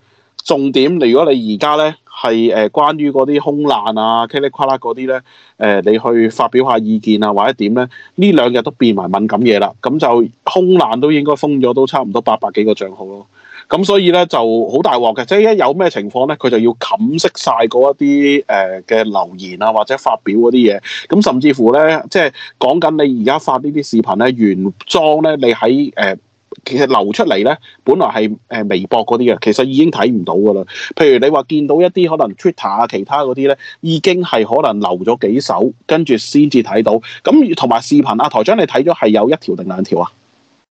重點你如果你而家咧。係誒、呃，關於嗰啲空難啊、噼里啪啦嗰啲咧，誒、呃、你去發表下意見啊，或者點咧？呢兩日都變埋敏感嘢啦，咁就空難都應該封咗，都差唔多八百幾個賬號咯。咁、嗯、所以咧就好大鑊嘅，即係一有咩情況咧，佢就要冚熄晒嗰一啲誒嘅留言啊，或者發表嗰啲嘢。咁、嗯、甚至乎咧，即係講緊你而家發呢啲視頻咧，原裝咧，你喺誒，呃其實流出嚟咧，本來係誒微博嗰啲嘅，其實已經睇唔到㗎啦。譬如你話見到一啲可能 Twitter 啊，其他嗰啲咧，已經係可能流咗幾手，跟住先至睇到。咁同埋視頻啊，台長你睇咗係有一條定兩條啊？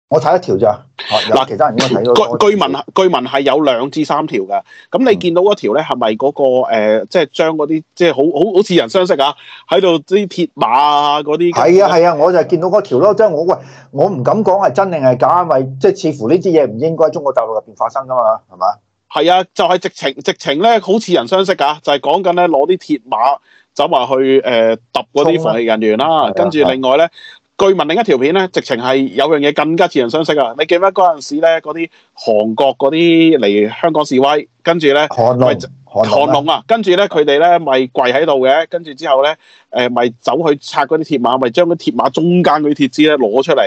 我睇一條咋，嗱、啊，其他人應該睇到。據據聞據聞係有兩至三條嘅，咁你見到嗰條咧係咪嗰個誒、呃，即係將嗰啲即係好好好似人相識啊？喺度啲鐵馬啊，嗰啲係啊係啊，我就係見到嗰條咯，即係我喂，我唔敢講係真定係假，因為即係似乎呢啲嘢唔應該中國大陸入邊發生噶嘛，係嘛？係啊，就係、是、直情直情咧好似人相識啊。就係講緊咧攞啲鐵馬走埋去誒揼嗰啲防疫人員啦，呢跟住另外咧。據聞另一條片咧，直情係有樣嘢更加似人相識啊！你記唔得嗰陣時咧，嗰啲韓國嗰啲嚟香港示威，跟住咧韓龍啊，跟住咧佢哋咧咪跪喺度嘅，跟住之後咧誒咪走去拆嗰啲鐵馬，咪將啲鐵馬中間嗰啲鐵枝咧攞出嚟。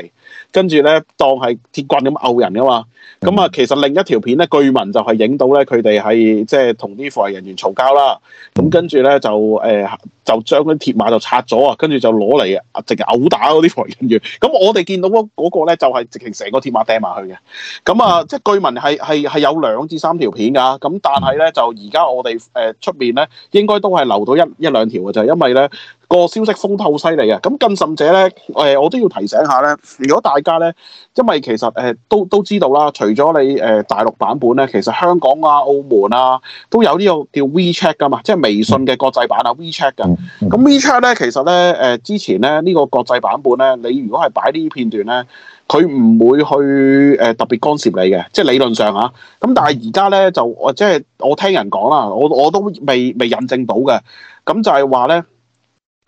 跟住咧，當係鐵棍咁毆人噶嘛。咁、嗯、啊，嗯、其實另一條片咧，據聞就係影到咧，佢哋係即係同啲防衞人員嘈交啦。咁跟住咧就誒、呃、就將啲鐵馬就拆咗啊。跟住就攞嚟啊，直情毆打嗰啲防衞人員。咁我哋見到嗰個咧，就係直情成個鐵馬掟埋去嘅。咁、嗯、啊，即係據聞係係係有兩至三條片㗎。咁但係咧，就而家我哋誒出面咧，應該都係留到一一兩條嘅，就係因為咧。個消息風頭犀利啊！咁更甚者咧，誒、呃，我都要提醒下咧。如果大家咧，因為其實誒、呃、都都知道啦，除咗你誒、呃、大陸版本咧，其實香港啊、澳門啊都有呢個叫 WeChat 噶嘛，即係微信嘅國際版啊 WeChat 噶。咁 WeChat 咧，其實咧誒、呃、之前咧呢、這個國際版本咧，你如果係擺呢啲片段咧，佢唔會去誒、呃、特別干涉你嘅，即係理論上啊。咁但係而家咧就我即係我聽人講啦，我我都未未印證到嘅，咁就係話咧。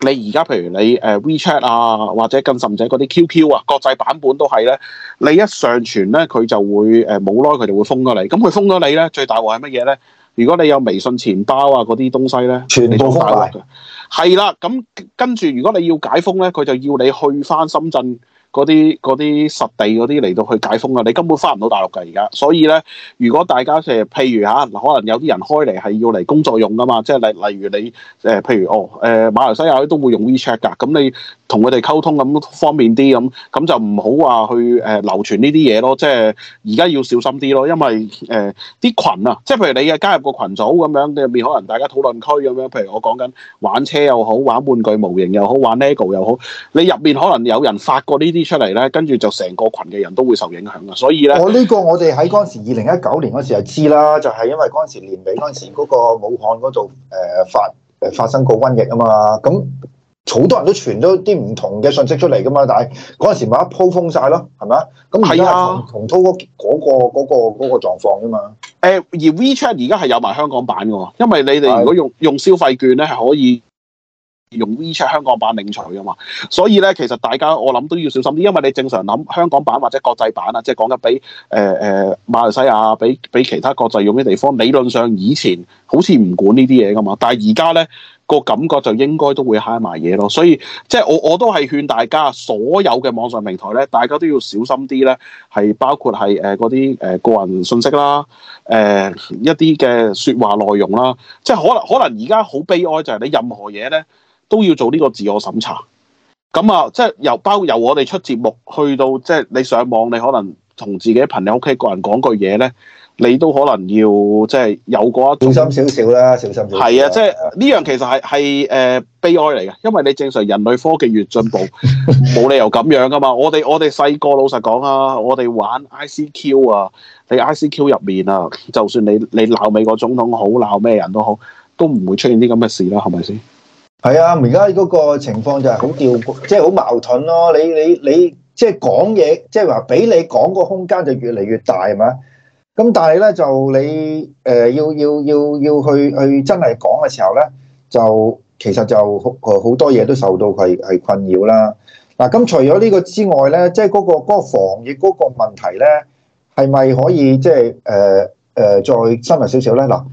你而家譬如你誒、呃、WeChat 啊，或者更甚者係嗰啲 QQ 啊，國際版本都係咧，你一上傳咧，佢就會誒冇耐佢就會封咗你。咁佢封咗你咧，最大鑊係乜嘢咧？如果你有微信錢包啊嗰啲東西咧，全部封閉嘅。係啦，咁、嗯、跟住如果你要解封咧，佢就要你去翻深圳。嗰啲啲實地嗰啲嚟到去解封啊！你根本翻唔到大陸㗎而家，所以咧，如果大家誒，譬如吓、啊、可能有啲人開嚟係要嚟工作用㗎嘛，即係例例如你誒、呃，譬如哦誒、呃，馬來西亞都會用 WeChat 㗎，咁你。同佢哋溝通咁方便啲咁，咁就唔好話去誒、呃、流傳呢啲嘢咯。即係而家要小心啲咯，因為誒啲、呃、群啊，即係譬如你嘅加入個群組咁樣，你入面可能大家討論區咁樣。譬如我講緊玩車又好，玩玩具模型又好，玩 LEGO 又好，你入面可能有人發過呢啲出嚟咧，跟住就成個群嘅人都會受影響啊。所以咧，我呢個我哋喺嗰陣時二零一九年嗰時就知啦，就係、是、因為嗰陣時年尾嗰陣時嗰個武漢嗰度誒發誒發生過瘟疫啊嘛，咁。好多人都傳咗啲唔同嘅信息出嚟噶嘛，但係嗰陣時咪一鋪封晒咯，係咪啊？咁、那個那個那個、而家洪濤嗰嗰個嗰個嗰個狀況啊嘛。誒，而 WeChat 而家係有埋香港版嘅，因為你哋如果用用消費券咧，係可以用 WeChat 香港版領取噶嘛。所以咧，其實大家我諗都要小心啲，因為你正常諗香港版或者國際版啊，即係講得俾誒誒馬來西亞、俾俾其他國際用嘅地方，理論上以前好似唔管呢啲嘢噶嘛，但係而家咧。個感覺就應該都會嗨埋嘢咯，所以即係我我都係勸大家，所有嘅網上平台咧，大家都要小心啲咧，係包括係誒嗰啲誒個人信息啦，誒、呃呃呃、一啲嘅説話內容啦，即係可，可能可能而家好悲哀就係你任何嘢咧都要做呢個自我審查，咁啊即係由包由我哋出節目去到即係你上網，你可能同自己朋友屋企個人講句嘢咧。你都可能要即係有嗰一小心少少啦，小心少少。係啊，即係呢樣其實係係誒悲哀嚟嘅，因為你正常人類科技越進步，冇 理由咁樣噶嘛。我哋我哋細個老實講啊，我哋玩 I C Q 啊，你 I C Q 入面啊，就算你你鬧美國總統好，鬧咩人都好，都唔會出現啲咁嘅事啦，係咪先？係啊，而家嗰個情況就係好調，即係好矛盾咯。你你你即係講嘢，即係話俾你講個空間就越嚟越大嘛，係咪？咁但係咧就你誒、呃、要要要要去去真係講嘅時候咧就其實就好好、呃、多嘢都受到佢係困擾啦。嗱，咁除咗呢個之外咧即係嗰個、嗰個防疫嗰個問題咧係咪可以即係誒誒再深入少少咧？嗱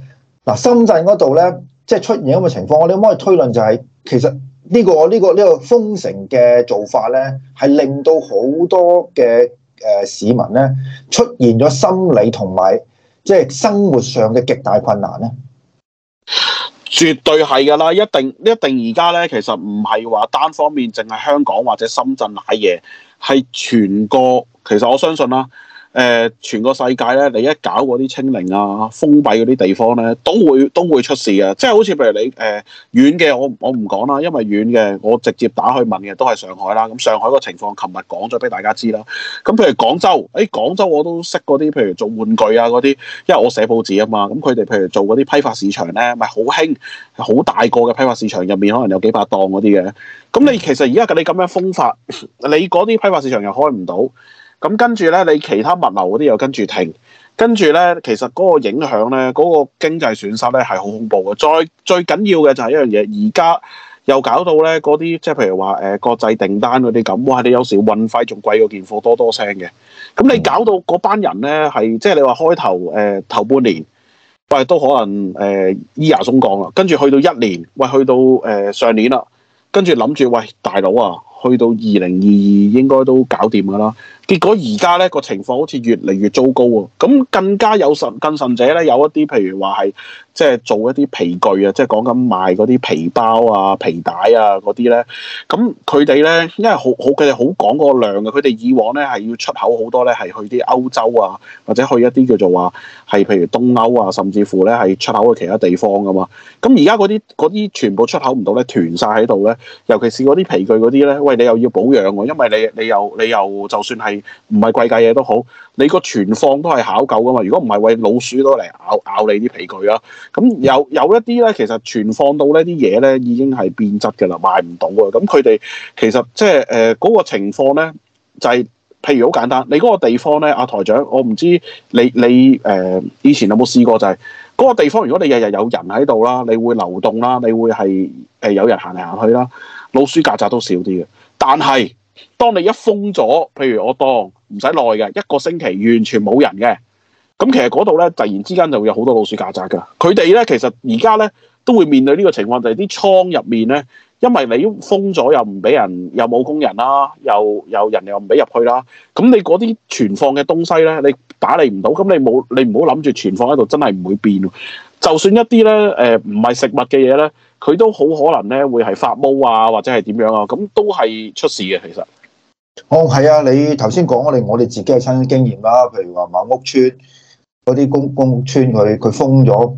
嗱深圳嗰度咧即係出現咁嘅情況我哋可唔可以推論就係、是、其實呢、呢個呢、呢個呢、呢個呢個封城嘅做法咧係令到好多嘅。誒、呃、市民咧出現咗心理同埋即係生活上嘅極大困難咧，絕對係㗎喇。一定一定而家咧，其實唔係話單方面淨係香港或者深圳瀨嘢，係全個其實我相信啦、啊。誒、呃，全個世界咧，你一搞嗰啲清零啊、封閉嗰啲地方咧，都會都會出事啊。即係好似譬如你誒遠嘅，我我唔講啦，因為遠嘅，我直接打去問嘅都係上海啦。咁、嗯、上海個情況，琴日講咗俾大家知啦。咁、嗯、譬如廣州，誒廣州我都識嗰啲，譬如做玩具啊嗰啲，因為我寫報紙啊嘛。咁佢哋譬如做嗰啲批發市場咧，咪好興，好大個嘅批發市場入面，可能有幾百檔嗰啲嘅。咁、嗯嗯、你其實而家你咁樣封法，你嗰啲批發市場又開唔到。咁跟住咧，你其他物流嗰啲又跟住停，跟住咧，其實嗰個影響咧，嗰、嗰個經濟損失咧係好恐怖嘅。再最緊要嘅就係一樣嘢，而家又搞到咧嗰啲，即係譬如話誒、呃、國際訂單嗰啲咁，哇！你有時運費仲貴過件貨多多聲嘅。咁你搞到嗰班人咧係即係你話開頭誒、呃、頭半年喂、呃、都可能誒 y e a 鬆降啦，跟住去到一年喂去到誒上年啦，跟住諗住喂大佬啊，去到二零二二應該都搞掂噶啦。結果而家咧個情況好似越嚟越糟糕喎，咁更加有甚更甚者咧，有一啲譬如話係即係做一啲皮具啊，即係講緊賣嗰啲皮包啊、皮帶啊嗰啲咧，咁佢哋咧，因為好好佢哋好講個量嘅，佢哋以往咧係要出口好多咧係去啲歐洲啊，或者去一啲叫做話係譬如東歐啊，甚至乎咧係出口去其他地方噶嘛，咁而家嗰啲嗰啲全部出口唔到咧，囤晒喺度咧，尤其是嗰啲皮具嗰啲咧，喂，你又要保養喎，因為你你，你又你又就算係。唔係貴價嘢，都好，你個存放都係考究噶嘛。如果唔係為老鼠都嚟，咬咬你啲皮具啦，啊，咁有有一啲咧，其實存放到呢啲嘢咧已經係變質噶啦，賣唔到嘅。咁佢哋其實即係誒嗰個情況咧，就係、是、譬如好簡單，你嗰個地方咧，阿，啊、台長，我唔知你你誒，呃、以前有冇試過，就是，就係嗰個地方，如果你日日有人喺度啦，你會流動啦，你會係誒有人行嚟行去啦，老鼠曱甴都少啲嘅，但係。當你一封咗，譬如我當唔使耐嘅，一個星期完全冇人嘅，咁其實嗰度咧，突然之間就會有好多老鼠曱甴噶。佢哋咧，其實而家咧都會面對呢個情況，就係啲倉入面咧，因為你封咗又唔俾人，又冇工人啦、啊，又又人又唔俾入去啦、啊，咁你嗰啲存放嘅東西咧，你打理唔到，咁你冇你唔好諗住存放喺度，真係唔會變。就算一啲咧，誒唔係食物嘅嘢咧。佢都好可能咧，會係發毛啊，或者係點樣啊，咁都係出事嘅。其實哦，哦係啊，你頭先講我哋我哋自己嘅親身經驗啦、啊，譬如話某屋村嗰啲公公屋村，佢佢封咗，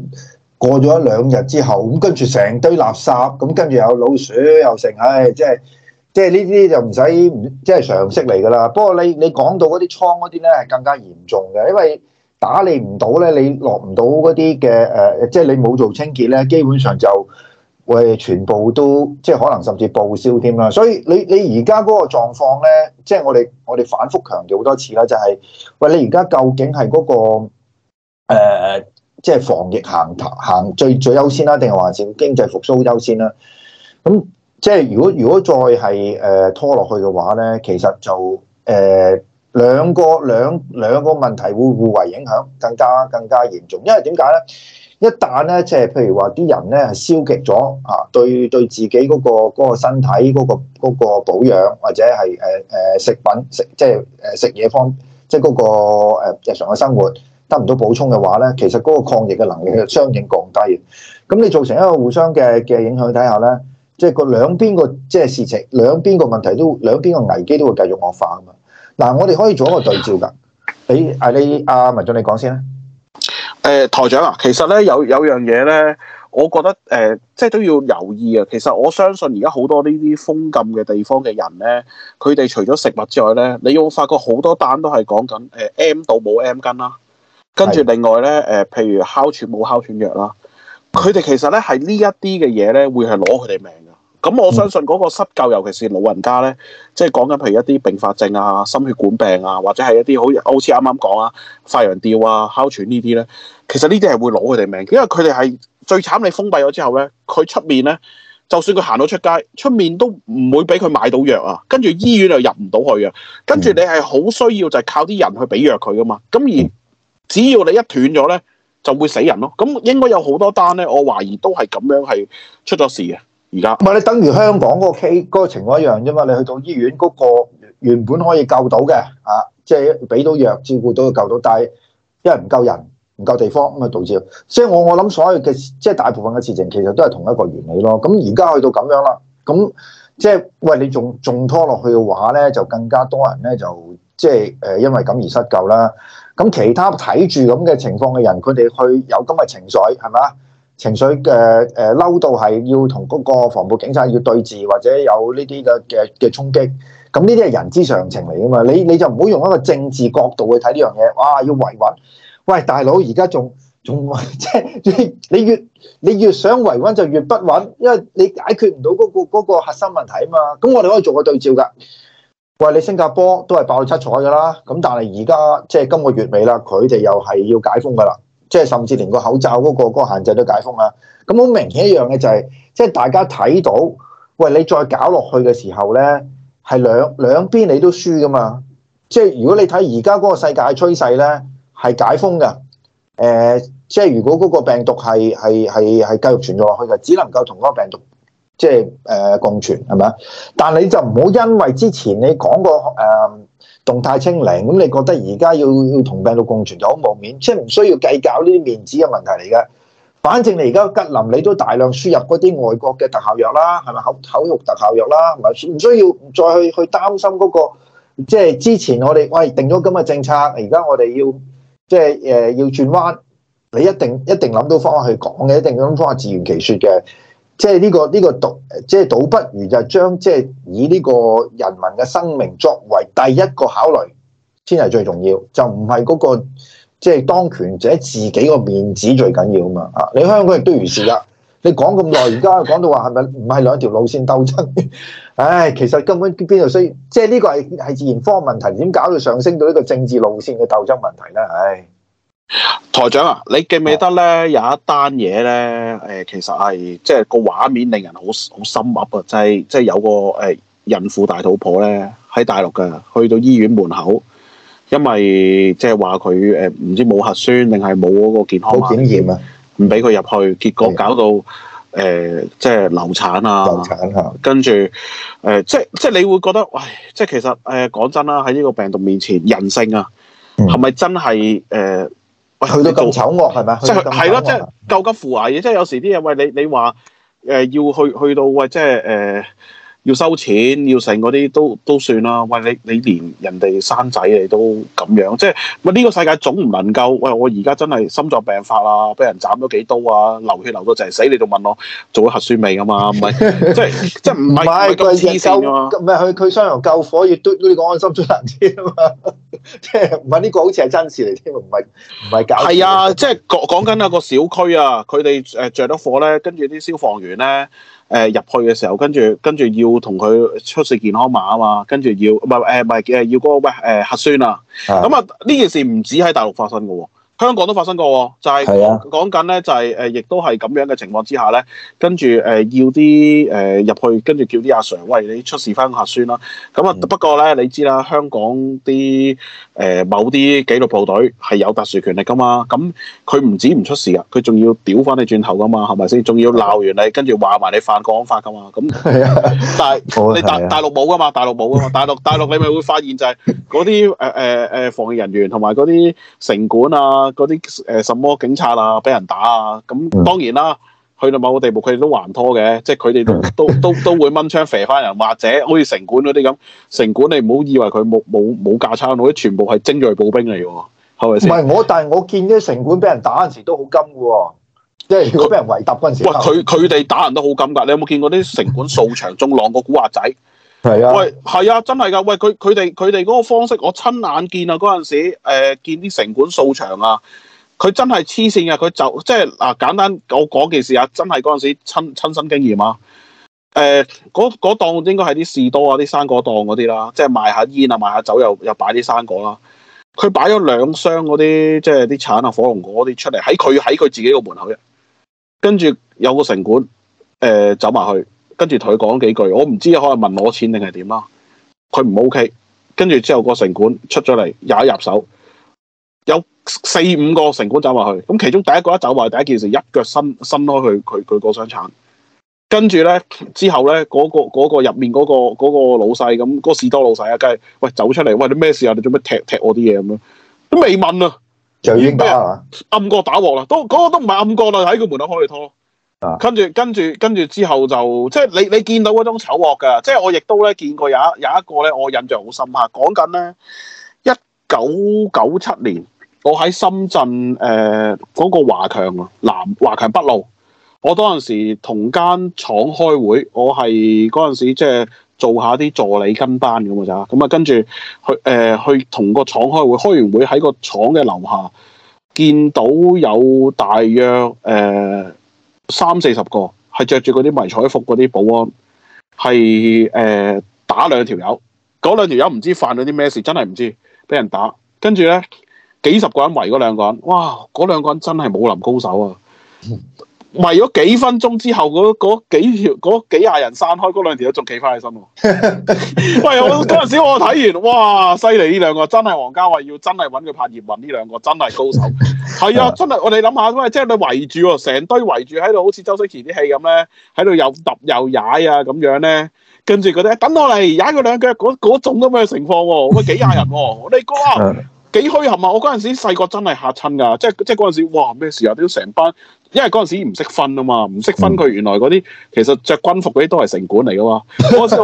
過咗一兩日之後，咁跟住成堆垃圾，咁跟住有老鼠又剩，唉、哎，即係即係呢啲就唔、是、使，即、就、係、是就是、常識嚟㗎喇。不過你你講到嗰啲倉嗰啲咧，係更加嚴重嘅，因為打理唔到咧，你落唔到嗰啲嘅誒，即、呃、係、就是、你冇做清潔咧，基本上就。喂，全部都即係可能甚至報銷添啦，所以你你而家嗰個狀況咧，即係我哋我哋反覆強調好多次啦，就係、是、喂你而家究竟係嗰、那個誒、呃、即係防疫行行最最優先啦，定係還是經濟復蘇優先啦？咁即係如果如果再係誒拖落去嘅話咧，其實就誒兩、呃、個兩兩個問題會互為影響更加更加嚴重，因為點解咧？一旦咧，即係譬如話啲人咧係消極咗嚇、啊，對對自己嗰個嗰個身體嗰個嗰個保養，或者係誒誒食品食即係誒食嘢方，即係嗰個誒日常嘅生活得唔到補充嘅話咧，其實嗰個抗疫嘅能力就相應降低。咁你造成一個互相嘅嘅影響，睇下咧，即係個兩邊個即係事情，兩邊個問題都兩邊個危機都會繼續惡化啊嘛。嗱，我哋可以做一個對照㗎，俾啊你阿文俊你講先啦。誒、呃、台長啊，其實咧有有樣嘢咧，我覺得誒、呃、即係都要留意啊。其實我相信而家好多呢啲封禁嘅地方嘅人咧，佢哋除咗食物之外咧，你有，有發覺好多單都係講緊誒 M 到冇 M 根啦、啊，跟住另外咧誒、呃，譬如哮喘冇哮喘藥啦，佢哋其實咧係呢一啲嘅嘢咧，會係攞佢哋命。咁我相信嗰個失救，尤其是老人家咧，即係講緊譬如一啲併發症啊、心血管病啊，或者係一啲好似好似啱啱講啊、發羊吊啊、哮喘呢啲咧，其實呢啲係會攞佢哋命，因為佢哋係最慘。你封閉咗之後咧，佢出面咧，就算佢行到出街，出面都唔會俾佢買到藥啊。跟住醫院又入唔到去啊。跟住你係好需要就係靠啲人去俾藥佢㗎嘛。咁而只要你一斷咗咧，就會死人咯。咁應該有好多單咧，我懷疑都係咁樣係出咗事嘅。而家唔係你等於香港嗰個 K 嗰個情況一樣啫嘛？你去到醫院嗰個原本可以救到嘅，啊，即係俾到藥照顧到佢救到，但係因為唔夠人唔夠地方咁啊，導致。即係我我諗所有嘅即係大部分嘅事情其實都係同一個原理咯。咁而家去到咁樣啦，咁即係餵你仲仲拖落去嘅話咧，就更加多人咧就即係誒因為咁而失救啦。咁其他睇住咁嘅情況嘅人，佢哋去有咁嘅情緒係咪？情緒嘅誒嬲到係要同嗰個防暴警察要對峙，或者有呢啲嘅嘅嘅衝擊，咁呢啲係人之常情嚟噶嘛？你你就唔好用一個政治角度去睇呢樣嘢。哇，要維穩，喂，大佬，而家仲仲即係你越你越想維穩就越不穩，因為你解決唔到嗰個嗰個核心問題啊嘛。咁我哋可以做個對照㗎。喂，你新加坡都係爆七彩㗎啦，咁但係而家即係今個月尾啦，佢哋又係要解封㗎啦。即係甚至連個口罩嗰個限制都解封啦，咁好明顯一樣嘅就係、是，即係大家睇到，喂，你再搞落去嘅時候咧，係兩兩邊你都輸噶嘛。即係如果你睇而家嗰個世界趨勢咧，係解封噶，誒、呃，即係如果嗰個病毒係係係係繼續傳落去嘅，只能夠同嗰個病毒。即係誒、呃、共存係咪啊？但你就唔好因為之前你講過誒、呃、動態清零，咁你覺得而家要要同病毒共存就好冇面，即係唔需要計較呢啲面子嘅問題嚟嘅。反正你而家吉林你都大量輸入嗰啲外國嘅特效藥啦，係咪口口欲特效藥啦？係咪唔需要再去去擔心嗰、那個？即係之前我哋喂定咗咁嘅政策，而家我哋要即係誒、呃、要轉彎，你一定一定諗到方法去講嘅，一定諗方法自圓其說嘅。即係呢個呢個倒，即係倒不如就將即係以呢個人民嘅生命作為第一個考慮，先係最重要。就唔係嗰個即係當權者自己個面子最緊要啊嘛！啊，你香港亦都如是啦。你講咁耐，而家講到話係咪唔係兩條路線鬥爭？唉、哎，其實根本邊度需要即係呢個係係自然科學問題，點搞到上升到呢個政治路線嘅鬥爭問題咧？唉、哎。台長啊，你記唔記得咧有一單嘢咧？誒，其實係即係個畫面令人好好心悒啊，就係即係有個誒孕婦大肚婆咧喺大陸噶，去到醫院門口，因為即係話佢誒唔知冇核酸定係冇嗰個健康，冇檢驗啊，唔俾佢入去，結果搞到誒即係流產啊，流產啊。跟住誒即係即係你會覺得喂，即係其實誒講真啦，喺呢個病毒面前，人性啊係咪真係誒？喂，去到咁醜惡係咪？即係係咯，即係吧、就是、救急扶危，啊。即係有時啲嘢，喂，你你話誒、呃、要去去到喂，即係誒。嗯要收錢要成嗰啲都都算啦。喂，你你連人哋生仔你都咁樣，即係喂，呢個世界總唔能夠喂我而家真係心臟病發啦、啊，俾人斬咗幾刀啊，流血流到成死，你仲問我做咗核酸未文文啊？嘛、就是，唔係即係即係唔係咁黐線唔係佢佢消防救火要嘟要個安心出行添啊嘛，即係唔係呢個好似係真事嚟添？唔係唔係假？係啊，即係講講緊啊個小區啊，佢哋誒着咗火咧，跟住啲消防員咧。誒入、呃、去嘅時候，跟住跟住要同佢出示健康碼啊嘛，跟住要唔係誒唔係誒要嗰個喂誒核酸啊，咁啊呢件事唔止喺大陸發生嘅喎、哦。香港都發生過，就係講緊咧，就係、是、誒，亦都係咁樣嘅情況之下咧，跟住誒、嗯、要啲誒入去，跟住叫啲阿 sir，喂，你出示翻個核酸啦。咁、嗯、啊，不過咧，你知啦，香港啲誒、呃、某啲紀律部隊係有特殊權力噶嘛，咁佢唔止唔出示啊，佢仲要屌翻你轉頭噶嘛，係咪先？仲要鬧完你，跟住話埋你犯港法噶嘛，咁。係啊，但係你大大陸冇噶嘛，大陸冇噶嘛，大陸大陸，大陸你咪會發現就係嗰啲誒誒誒防疫人員同埋嗰啲城管啊。嗰啲誒什麼警察啊，俾人打啊，咁當然啦，去到某個地步，佢哋都還拖嘅，即係佢哋都都都會掹槍射翻人，或者好似城管嗰啲咁，城管你唔好以為佢冇冇冇架撐，嗰啲全部係精鋭步兵嚟嘅喎，係咪先？唔係我，但係我見啲城管俾人打嗰陣時都好金嘅喎，即係如果俾人圍揼嗰陣時。喂，佢佢哋打人都好金㗎，你有冇見過啲城管掃場中浪個古惑仔？係是啊，喂啊，喂，係啊，真係噶，喂，佢佢哋佢哋嗰個方式，我親眼見，呃、見啊，嗰陣時，誒，見啲城管掃場啊，佢真係黐線啊。佢就即係嗱，簡單我講件事啊，真係嗰陣時親親身經驗啊，誒、呃，嗰嗰檔應該係啲士多啊，啲生果檔嗰啲啦，即係賣下煙啊，賣下酒又又擺啲生果啦，佢擺咗兩箱嗰啲即係啲橙啊，火龍果嗰啲出嚟喺佢喺佢自己個門口啫，跟住有個城管誒、呃、走埋去。跟住同佢講幾句，我唔知可能問攞錢定係點啦。佢唔 OK，跟住之後個城管出咗嚟一入手，有四五個城管走埋去。咁其中第一個一走埋去，第一件事一腳伸伸開去佢佢個商鏟。跟住咧之後咧，嗰個嗰個入面嗰個嗰個老細咁，嗰個士多老細啊，梗係喂走出嚟，喂你咩事啊？你做咩踢踢我啲嘢咁樣？都未問啊，就已經打。暗角打鑊啦，都嗰個都唔係暗角啦，喺個門口開拖。跟住，跟住，跟住之後就即係你，你見到嗰種醜惡噶，即係我亦都咧見過有一有一個咧，我印象好深刻。講緊咧一九九七年，我喺深圳誒嗰、呃那個華強啊南華強北路，我當陣時同間廠開會，我係嗰陣時即係做一下啲助理跟班咁啊咋咁啊？跟住去誒、呃、去同個廠開會，開完會喺個廠嘅樓下見到有大約誒。呃三四十個係着住嗰啲迷彩服嗰啲保安，係誒、呃、打兩條友，嗰兩條友唔知犯咗啲咩事，真係唔知俾人打。跟住呢，幾十個人圍嗰兩個人，哇！嗰兩個人真係武林高手啊！嗯圍咗幾分鐘之後，嗰嗰幾條幾廿人散開，嗰兩條都仲企翻起身喎。喂， 我嗰陣時我睇完，哇，犀利！呢兩個真係王家衛要真係揾佢拍葉問，呢兩個真係高手。係 啊，真係我哋諗下咁，即係你圍住成堆圍住喺度，好似周星馳啲戲咁咧，喺度又揼又踩啊咁樣咧，跟住嗰啲等落嚟踩佢兩腳嗰種咁嘅情況喎、啊，咁幾廿人喎、啊，你講。 幾虛撼啊！我嗰陣時細個真係嚇親㗎，即係即係嗰陣時，哇咩時候都要成班，因為嗰陣時唔識分啊嘛，唔識分佢原來嗰啲其實着軍服嗰啲都係城管嚟嘅嘛！我嗰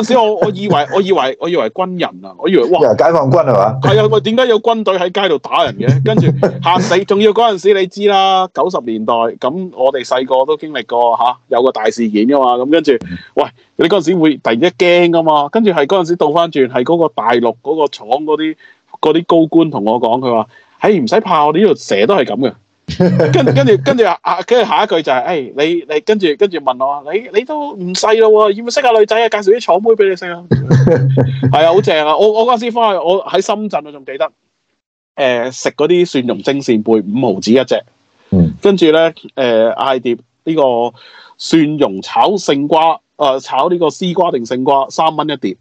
時我我以為我以為我以為軍人啊，我以為解放軍係嘛？係啊，喂，點解有軍隊喺街度打人嘅？跟住嚇死，仲要嗰陣時你知啦，九十年代咁，我哋細個都經歷過嚇、啊，有個大事件㗎嘛。咁跟住，喂，你嗰陣時會突然一驚㗎嘛？跟住係嗰陣時倒翻轉係嗰個大陸嗰個廠嗰啲。嗰啲高官同我講，佢話：，喺唔使怕，我哋呢度成日都係咁嘅。跟住，跟住跟住啊啊，跟住下一句就係、是：，誒、欸，你你跟住跟住問我，你你都唔細咯喎，要唔要識下女仔啊？介紹啲草莓俾你食啊！係 啊，好正啊！我我嗰陣時返去，我喺深圳啊，仲記得，誒、呃，食嗰啲蒜蓉蒸扇貝五毫紙一隻，嗯、跟住咧，誒、呃，嗌碟呢、這個蒜蓉炒勝瓜，誒、呃，炒呢個絲瓜定勝瓜三蚊一碟，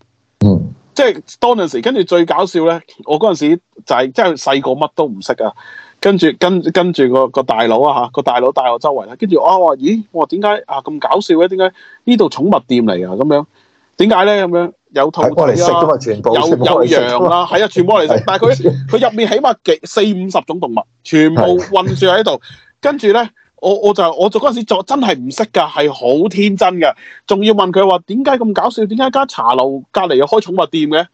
嗯。即係嗰陣時，跟住最搞笑咧，我嗰陣時就係、是、即係細個乜都唔識啊，跟住跟跟住個個大佬啊嚇，個大佬帶我周圍啦，跟住我話咦，我話點解啊咁搞笑咧？點解呢度寵物店嚟啊？咁樣點解咧？咁樣有兔啊，有有羊啦，係啊，全部嚟食。啊、但係佢佢入面起碼幾四五十種動物，全部困住喺度，跟住咧。 我我就我做嗰陣時就真係唔識㗎，係好天真嘅，仲要問佢話點解咁搞笑？點解間茶樓隔離又開寵物店嘅？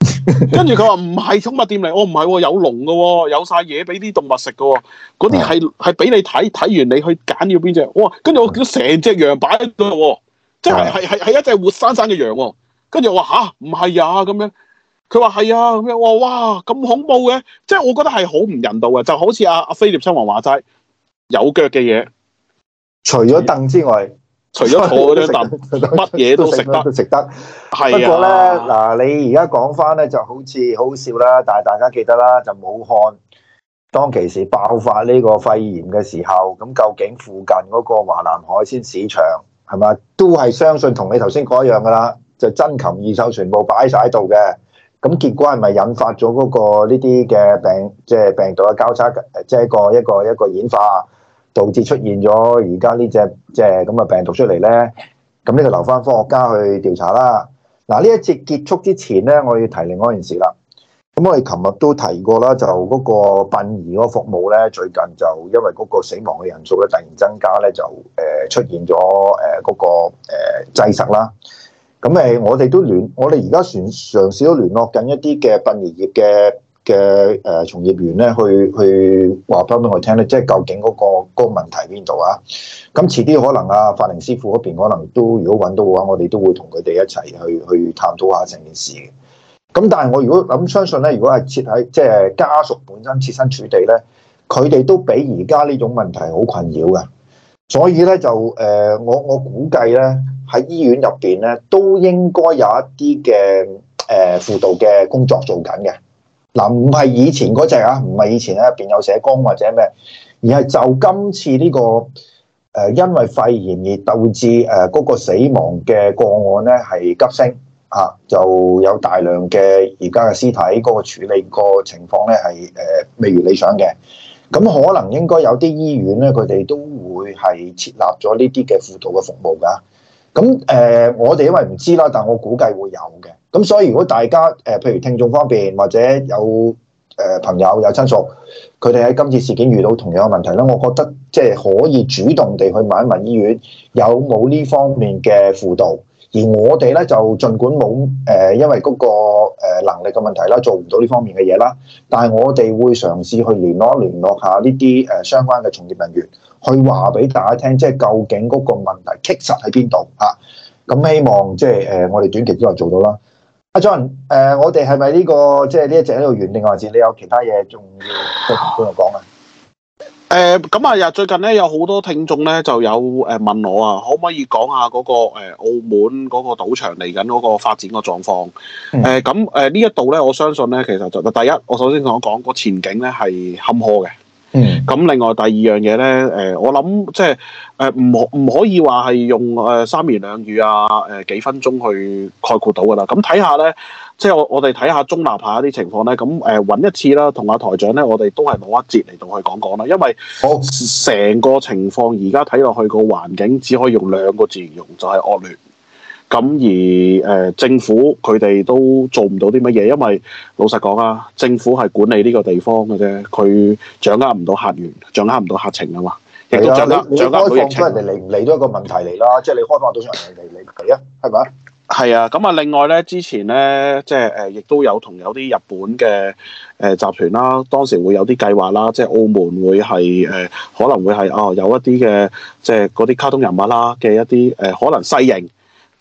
跟住佢話唔係寵物店嚟，我唔係有籠嘅、哦，有晒嘢俾啲動物食嘅、哦，嗰啲係係俾你睇睇完你去揀要邊隻。哦、跟我跟住我見成隻羊擺喺度喎，即係係係係一隻活生生嘅羊喎、哦。跟住我話吓，唔係啊咁、啊、樣，佢話係啊咁樣。我哇咁恐怖嘅，即係我覺得係好唔人道嘅，就好似阿阿菲臘親王話齋有腳嘅嘢。除咗凳之外，除咗坐都得，乜嘢都食得，食得。的不過咧，嗱的，你而家講翻咧，就好似好笑啦。但係大家記得啦，就武漢當其時爆發呢個肺炎嘅時候，咁究竟附近嗰個華南海鮮市場係咪？都係相信同你頭先講一樣噶啦，就珍禽異獸全部擺晒喺度嘅。咁結果係咪引發咗嗰個呢啲嘅病，即係病毒嘅交叉，即係一個一個一個，一個演化？導致出現咗而家呢隻即係咁嘅病毒出嚟咧，咁呢個留翻科學家去調查啦。嗱、啊，呢一節結束之前咧，我要提另外一件事啦。咁我哋琴日都提過啦，就嗰個殯儀嗰服務咧，最近就因為嗰個死亡嘅人數咧，突然增加咧，就誒出現咗誒嗰個誒擠塞啦。咁誒，我哋都聯，我哋而家嘗嘗試都聯絡緊一啲嘅殯儀業嘅。嘅誒、呃、從業員咧，去去話翻俾我聽咧，即係究竟嗰、嗰個嗰、嗰個問題邊度啊？咁遲啲可能啊，法靈師傅嗰邊可能都如果揾到嘅話，我哋都會同佢哋一齊去去探討下成件事嘅。咁但係我如果諗相信咧，如果係設喺即係家屬本身設身處地咧，佢哋都比而家呢種問題好困擾嘅。所以咧就誒，我、呃、我估計咧喺醫院入邊咧都應該有一啲嘅誒輔導嘅工作做緊嘅。嗱，唔係、啊、以前嗰隻啊，唔係以前咧入邊有社工或者咩，而係就今次呢、這個誒、呃，因為肺炎而導致誒嗰、呃那個死亡嘅個案咧，係急升嚇、啊，就有大量嘅而家嘅屍體嗰個處理個情況咧，係誒、呃、未如理想嘅，咁可能應該有啲醫院咧，佢哋都會係設立咗呢啲嘅輔導嘅服務噶。咁誒、呃，我哋因為唔知啦，但我估計會有嘅。咁所以如果大家誒、呃，譬如聽眾方面，或者有誒、呃、朋友、有親屬，佢哋喺今次事件遇到同樣嘅問題咧，我覺得即係可以主動地去問一問醫院有冇呢方面嘅輔導。而我哋咧就儘管冇誒、呃，因為嗰個能力嘅問題啦，做唔到呢方面嘅嘢啦。但係我哋會嘗試去聯絡聯絡下呢啲誒相關嘅從業人員。去話俾大家聽，即係究竟嗰個問題棘實喺邊度啊？咁希望即係誒、呃，我哋短期之內做到啦。阿 John，誒、呃，我哋係咪呢個即係呢一隻喺度完定，還是你有其他嘢仲要繼續講啊？誒、呃，咁啊，又最近咧有好多聽眾咧就有誒問我啊，可唔可以講下嗰個澳門嗰個賭場嚟緊嗰個發展個狀況？誒、嗯，咁誒呢一度咧，呃、我相信咧，其實就第一，我首先同我講個前景咧係坎坷嘅。咁、嗯、另外第二樣嘢呢，誒、呃，我諗即係誒，唔可唔可以話係用誒、呃、三言兩語啊，誒、呃、幾分鐘去概括到㗎啦。咁睇下呢，即係我我哋睇下中立下啲情況呢，咁誒揾一次啦，同阿台長呢，我哋都係攞一節嚟同佢講講啦，因為我成、哦、個情況而家睇落去個環境，只可以用兩個字形容，就係、是、惡劣。咁而誒、呃、政府佢哋都做唔到啲乜嘢，因為老實講啊，政府係管理呢個地方嘅啫，佢掌握唔到客源，掌握唔到客情啊嘛，亦都掌握掌握唔到疫情，人哋嚟唔嚟都係一個問題嚟啦，即係你開翻到出嚟嚟嚟嚟啊，係咪啊？係啊，咁啊另外咧，之前咧即係誒亦都有同有啲日本嘅誒集團啦，當時會有啲計劃啦，即係澳門會係誒、呃、可能會係哦、呃、有一啲嘅即係嗰啲卡通人物啦嘅一啲誒、呃、可能細型。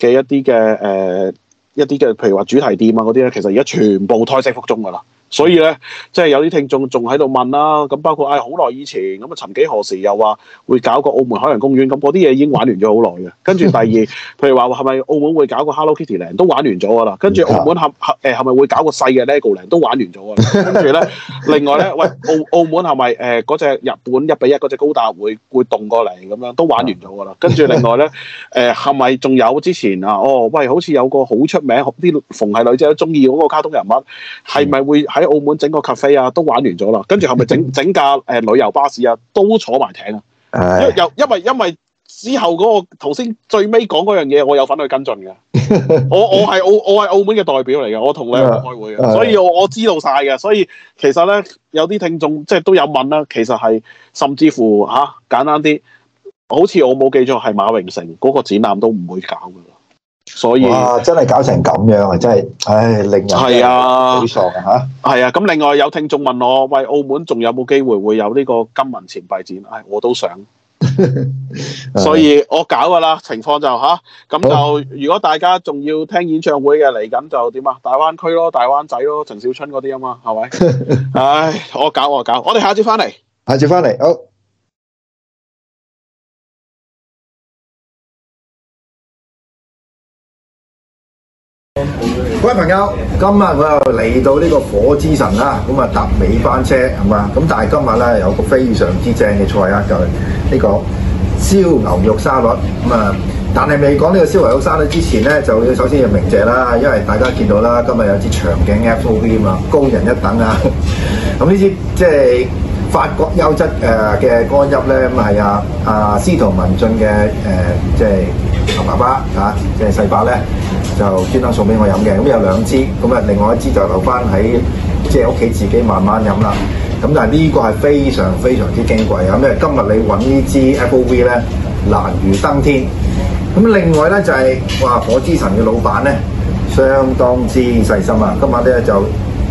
嘅一啲嘅誒，一啲嘅，譬如話主題店啊嗰啲咧，其實而家全部胎死腹中噶啦。所以咧，即係有啲聽眾仲喺度問啦，咁包括唉好耐以前咁啊，曾幾何時又話會搞個澳門海洋公園，咁嗰啲嘢已經玩完咗好耐嘅。跟住第二，譬如話係咪澳門會搞個 Hello Kitty 零，都玩完咗㗎啦。跟住澳門係係誒係咪會搞個細嘅 LEGO 零，都玩完咗㗎啦。跟住咧，另外咧，喂澳澳門係咪誒嗰隻日本一比一嗰隻高達會會動過嚟咁樣，都玩完咗㗎啦。跟住另外咧，誒係咪仲有之前啊？哦喂，好似有個好出名啲，逢係女仔都中意嗰個卡通人物，係咪會喺？喺澳門整個咖啡啊，都玩完咗啦。跟住係咪整整架誒旅遊巴士啊，都坐埋艇啊？因又因為因為之後嗰，那個頭先最尾講嗰樣嘢，我有份去跟進嘅。 我我係澳我係澳門嘅代表嚟嘅，我同你開會嘅， 所以我我知道晒嘅。所以其實咧，有啲聽眾即係都有問啦。其實係甚至乎吓，啊，簡單啲，好似我冇記錯係馬榮成嗰個展覽都唔會搞嘅。所以哇，真係搞成咁樣啊！真係，唉，令人沮喪吓。係啊，咁另外有聽眾問我，喂，澳門仲有冇機會會有呢個金文錢幣展？唉，我都想，所以我搞噶啦。情況就吓，咁就如果大家仲要聽演唱會嘅，嚟緊就點啊？大灣區咯，大灣仔咯，陳小春嗰啲啊嘛，係咪？唉，我搞我搞，我哋下次翻嚟，下次翻嚟，好。各位朋友，今日我又嚟到呢個火之神啦，咁啊搭尾班車係嘛，咁但係今日咧有個非常之正嘅菜啊，就係呢個燒牛肉沙律。咁啊，但係未講呢個燒牛肉沙律之前咧，就要首先要鳴謝啦，因為大家見到啦，今日有支長頸 FOP 啊嘛，高人一等啊，咁呢支即係。就是法國優質誒嘅干邑咧，咁啊係啊啊司徒文進嘅誒、呃，即係阿爸爸嚇，即係細伯咧，就專登送俾我飲嘅。咁、嗯、有兩支，咁、嗯、啊另外一支就留翻喺即係屋企自己慢慢飲啦。咁、嗯、但係呢個係非常非常之矜貴啊！咩、嗯？今日你揾呢支 F.O.V 咧難如登天。咁、嗯、另外咧就係、是、哇，火之神嘅老闆咧相當之細心啊！今晚咧就～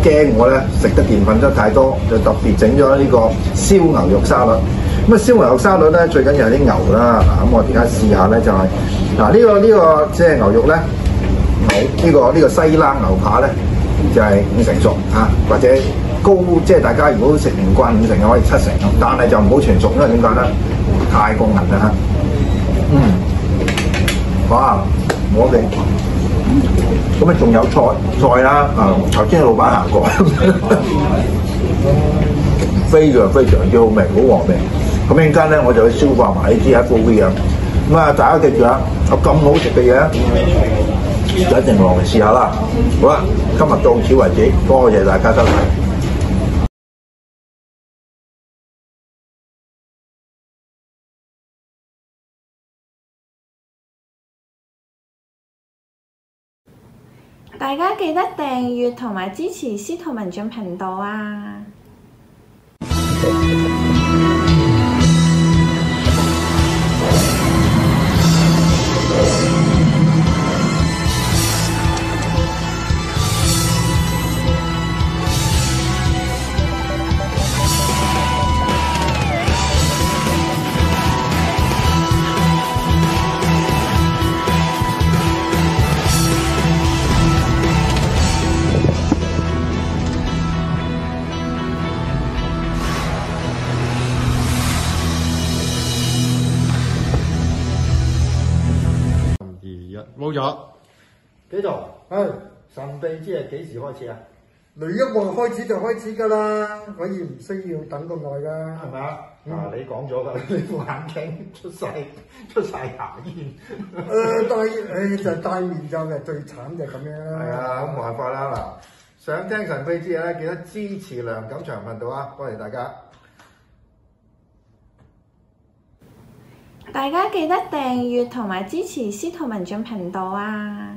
驚我咧食得澱粉質太多，就特別整咗呢個燒牛肉沙律。咁、嗯、啊，燒牛肉沙律咧最緊要係啲牛啦。咁、啊、我而家試下咧就係、是、嗱，呢、啊這個呢、這個即係牛肉咧冇呢個呢、這個西冷牛扒咧就係、是、五成熟啊，或者高即係大家如果食唔慣五成嘅可以七成，但係就唔好全熟，因為點解咧太過硬啦嚇。嗯，好啊，我哋。咁啊，仲有菜菜啦，啊、嗯！頭先個老闆行過，呵呵非常非常之好味，好和味。咁陣間咧，我就去消化埋啲喺庫 v 啊。咁啊，大家記住啊，有咁好食嘅嘢，大家一定落嚟試下啦。好啦，今日到此為止，多謝大家收睇。大家記得訂閱同埋支持司徒文進頻道啊！冇咗幾度？唉、哎，神秘之夜幾時開始啊？雷一環開始就開始噶啦，我而唔需要等咁耐噶，係咪啊？嗱、嗯，你講咗噶，你副眼鏡出晒出晒牙煙，誒戴誒就是、戴面罩，嘅最慘就係咁樣啦。係啊，咁冇辦法啦嗱，想聽神秘之夜咧，記得支持梁錦祥頻道啊，多謝大家。大家記得訂閱同埋支持司徒文進頻道啊！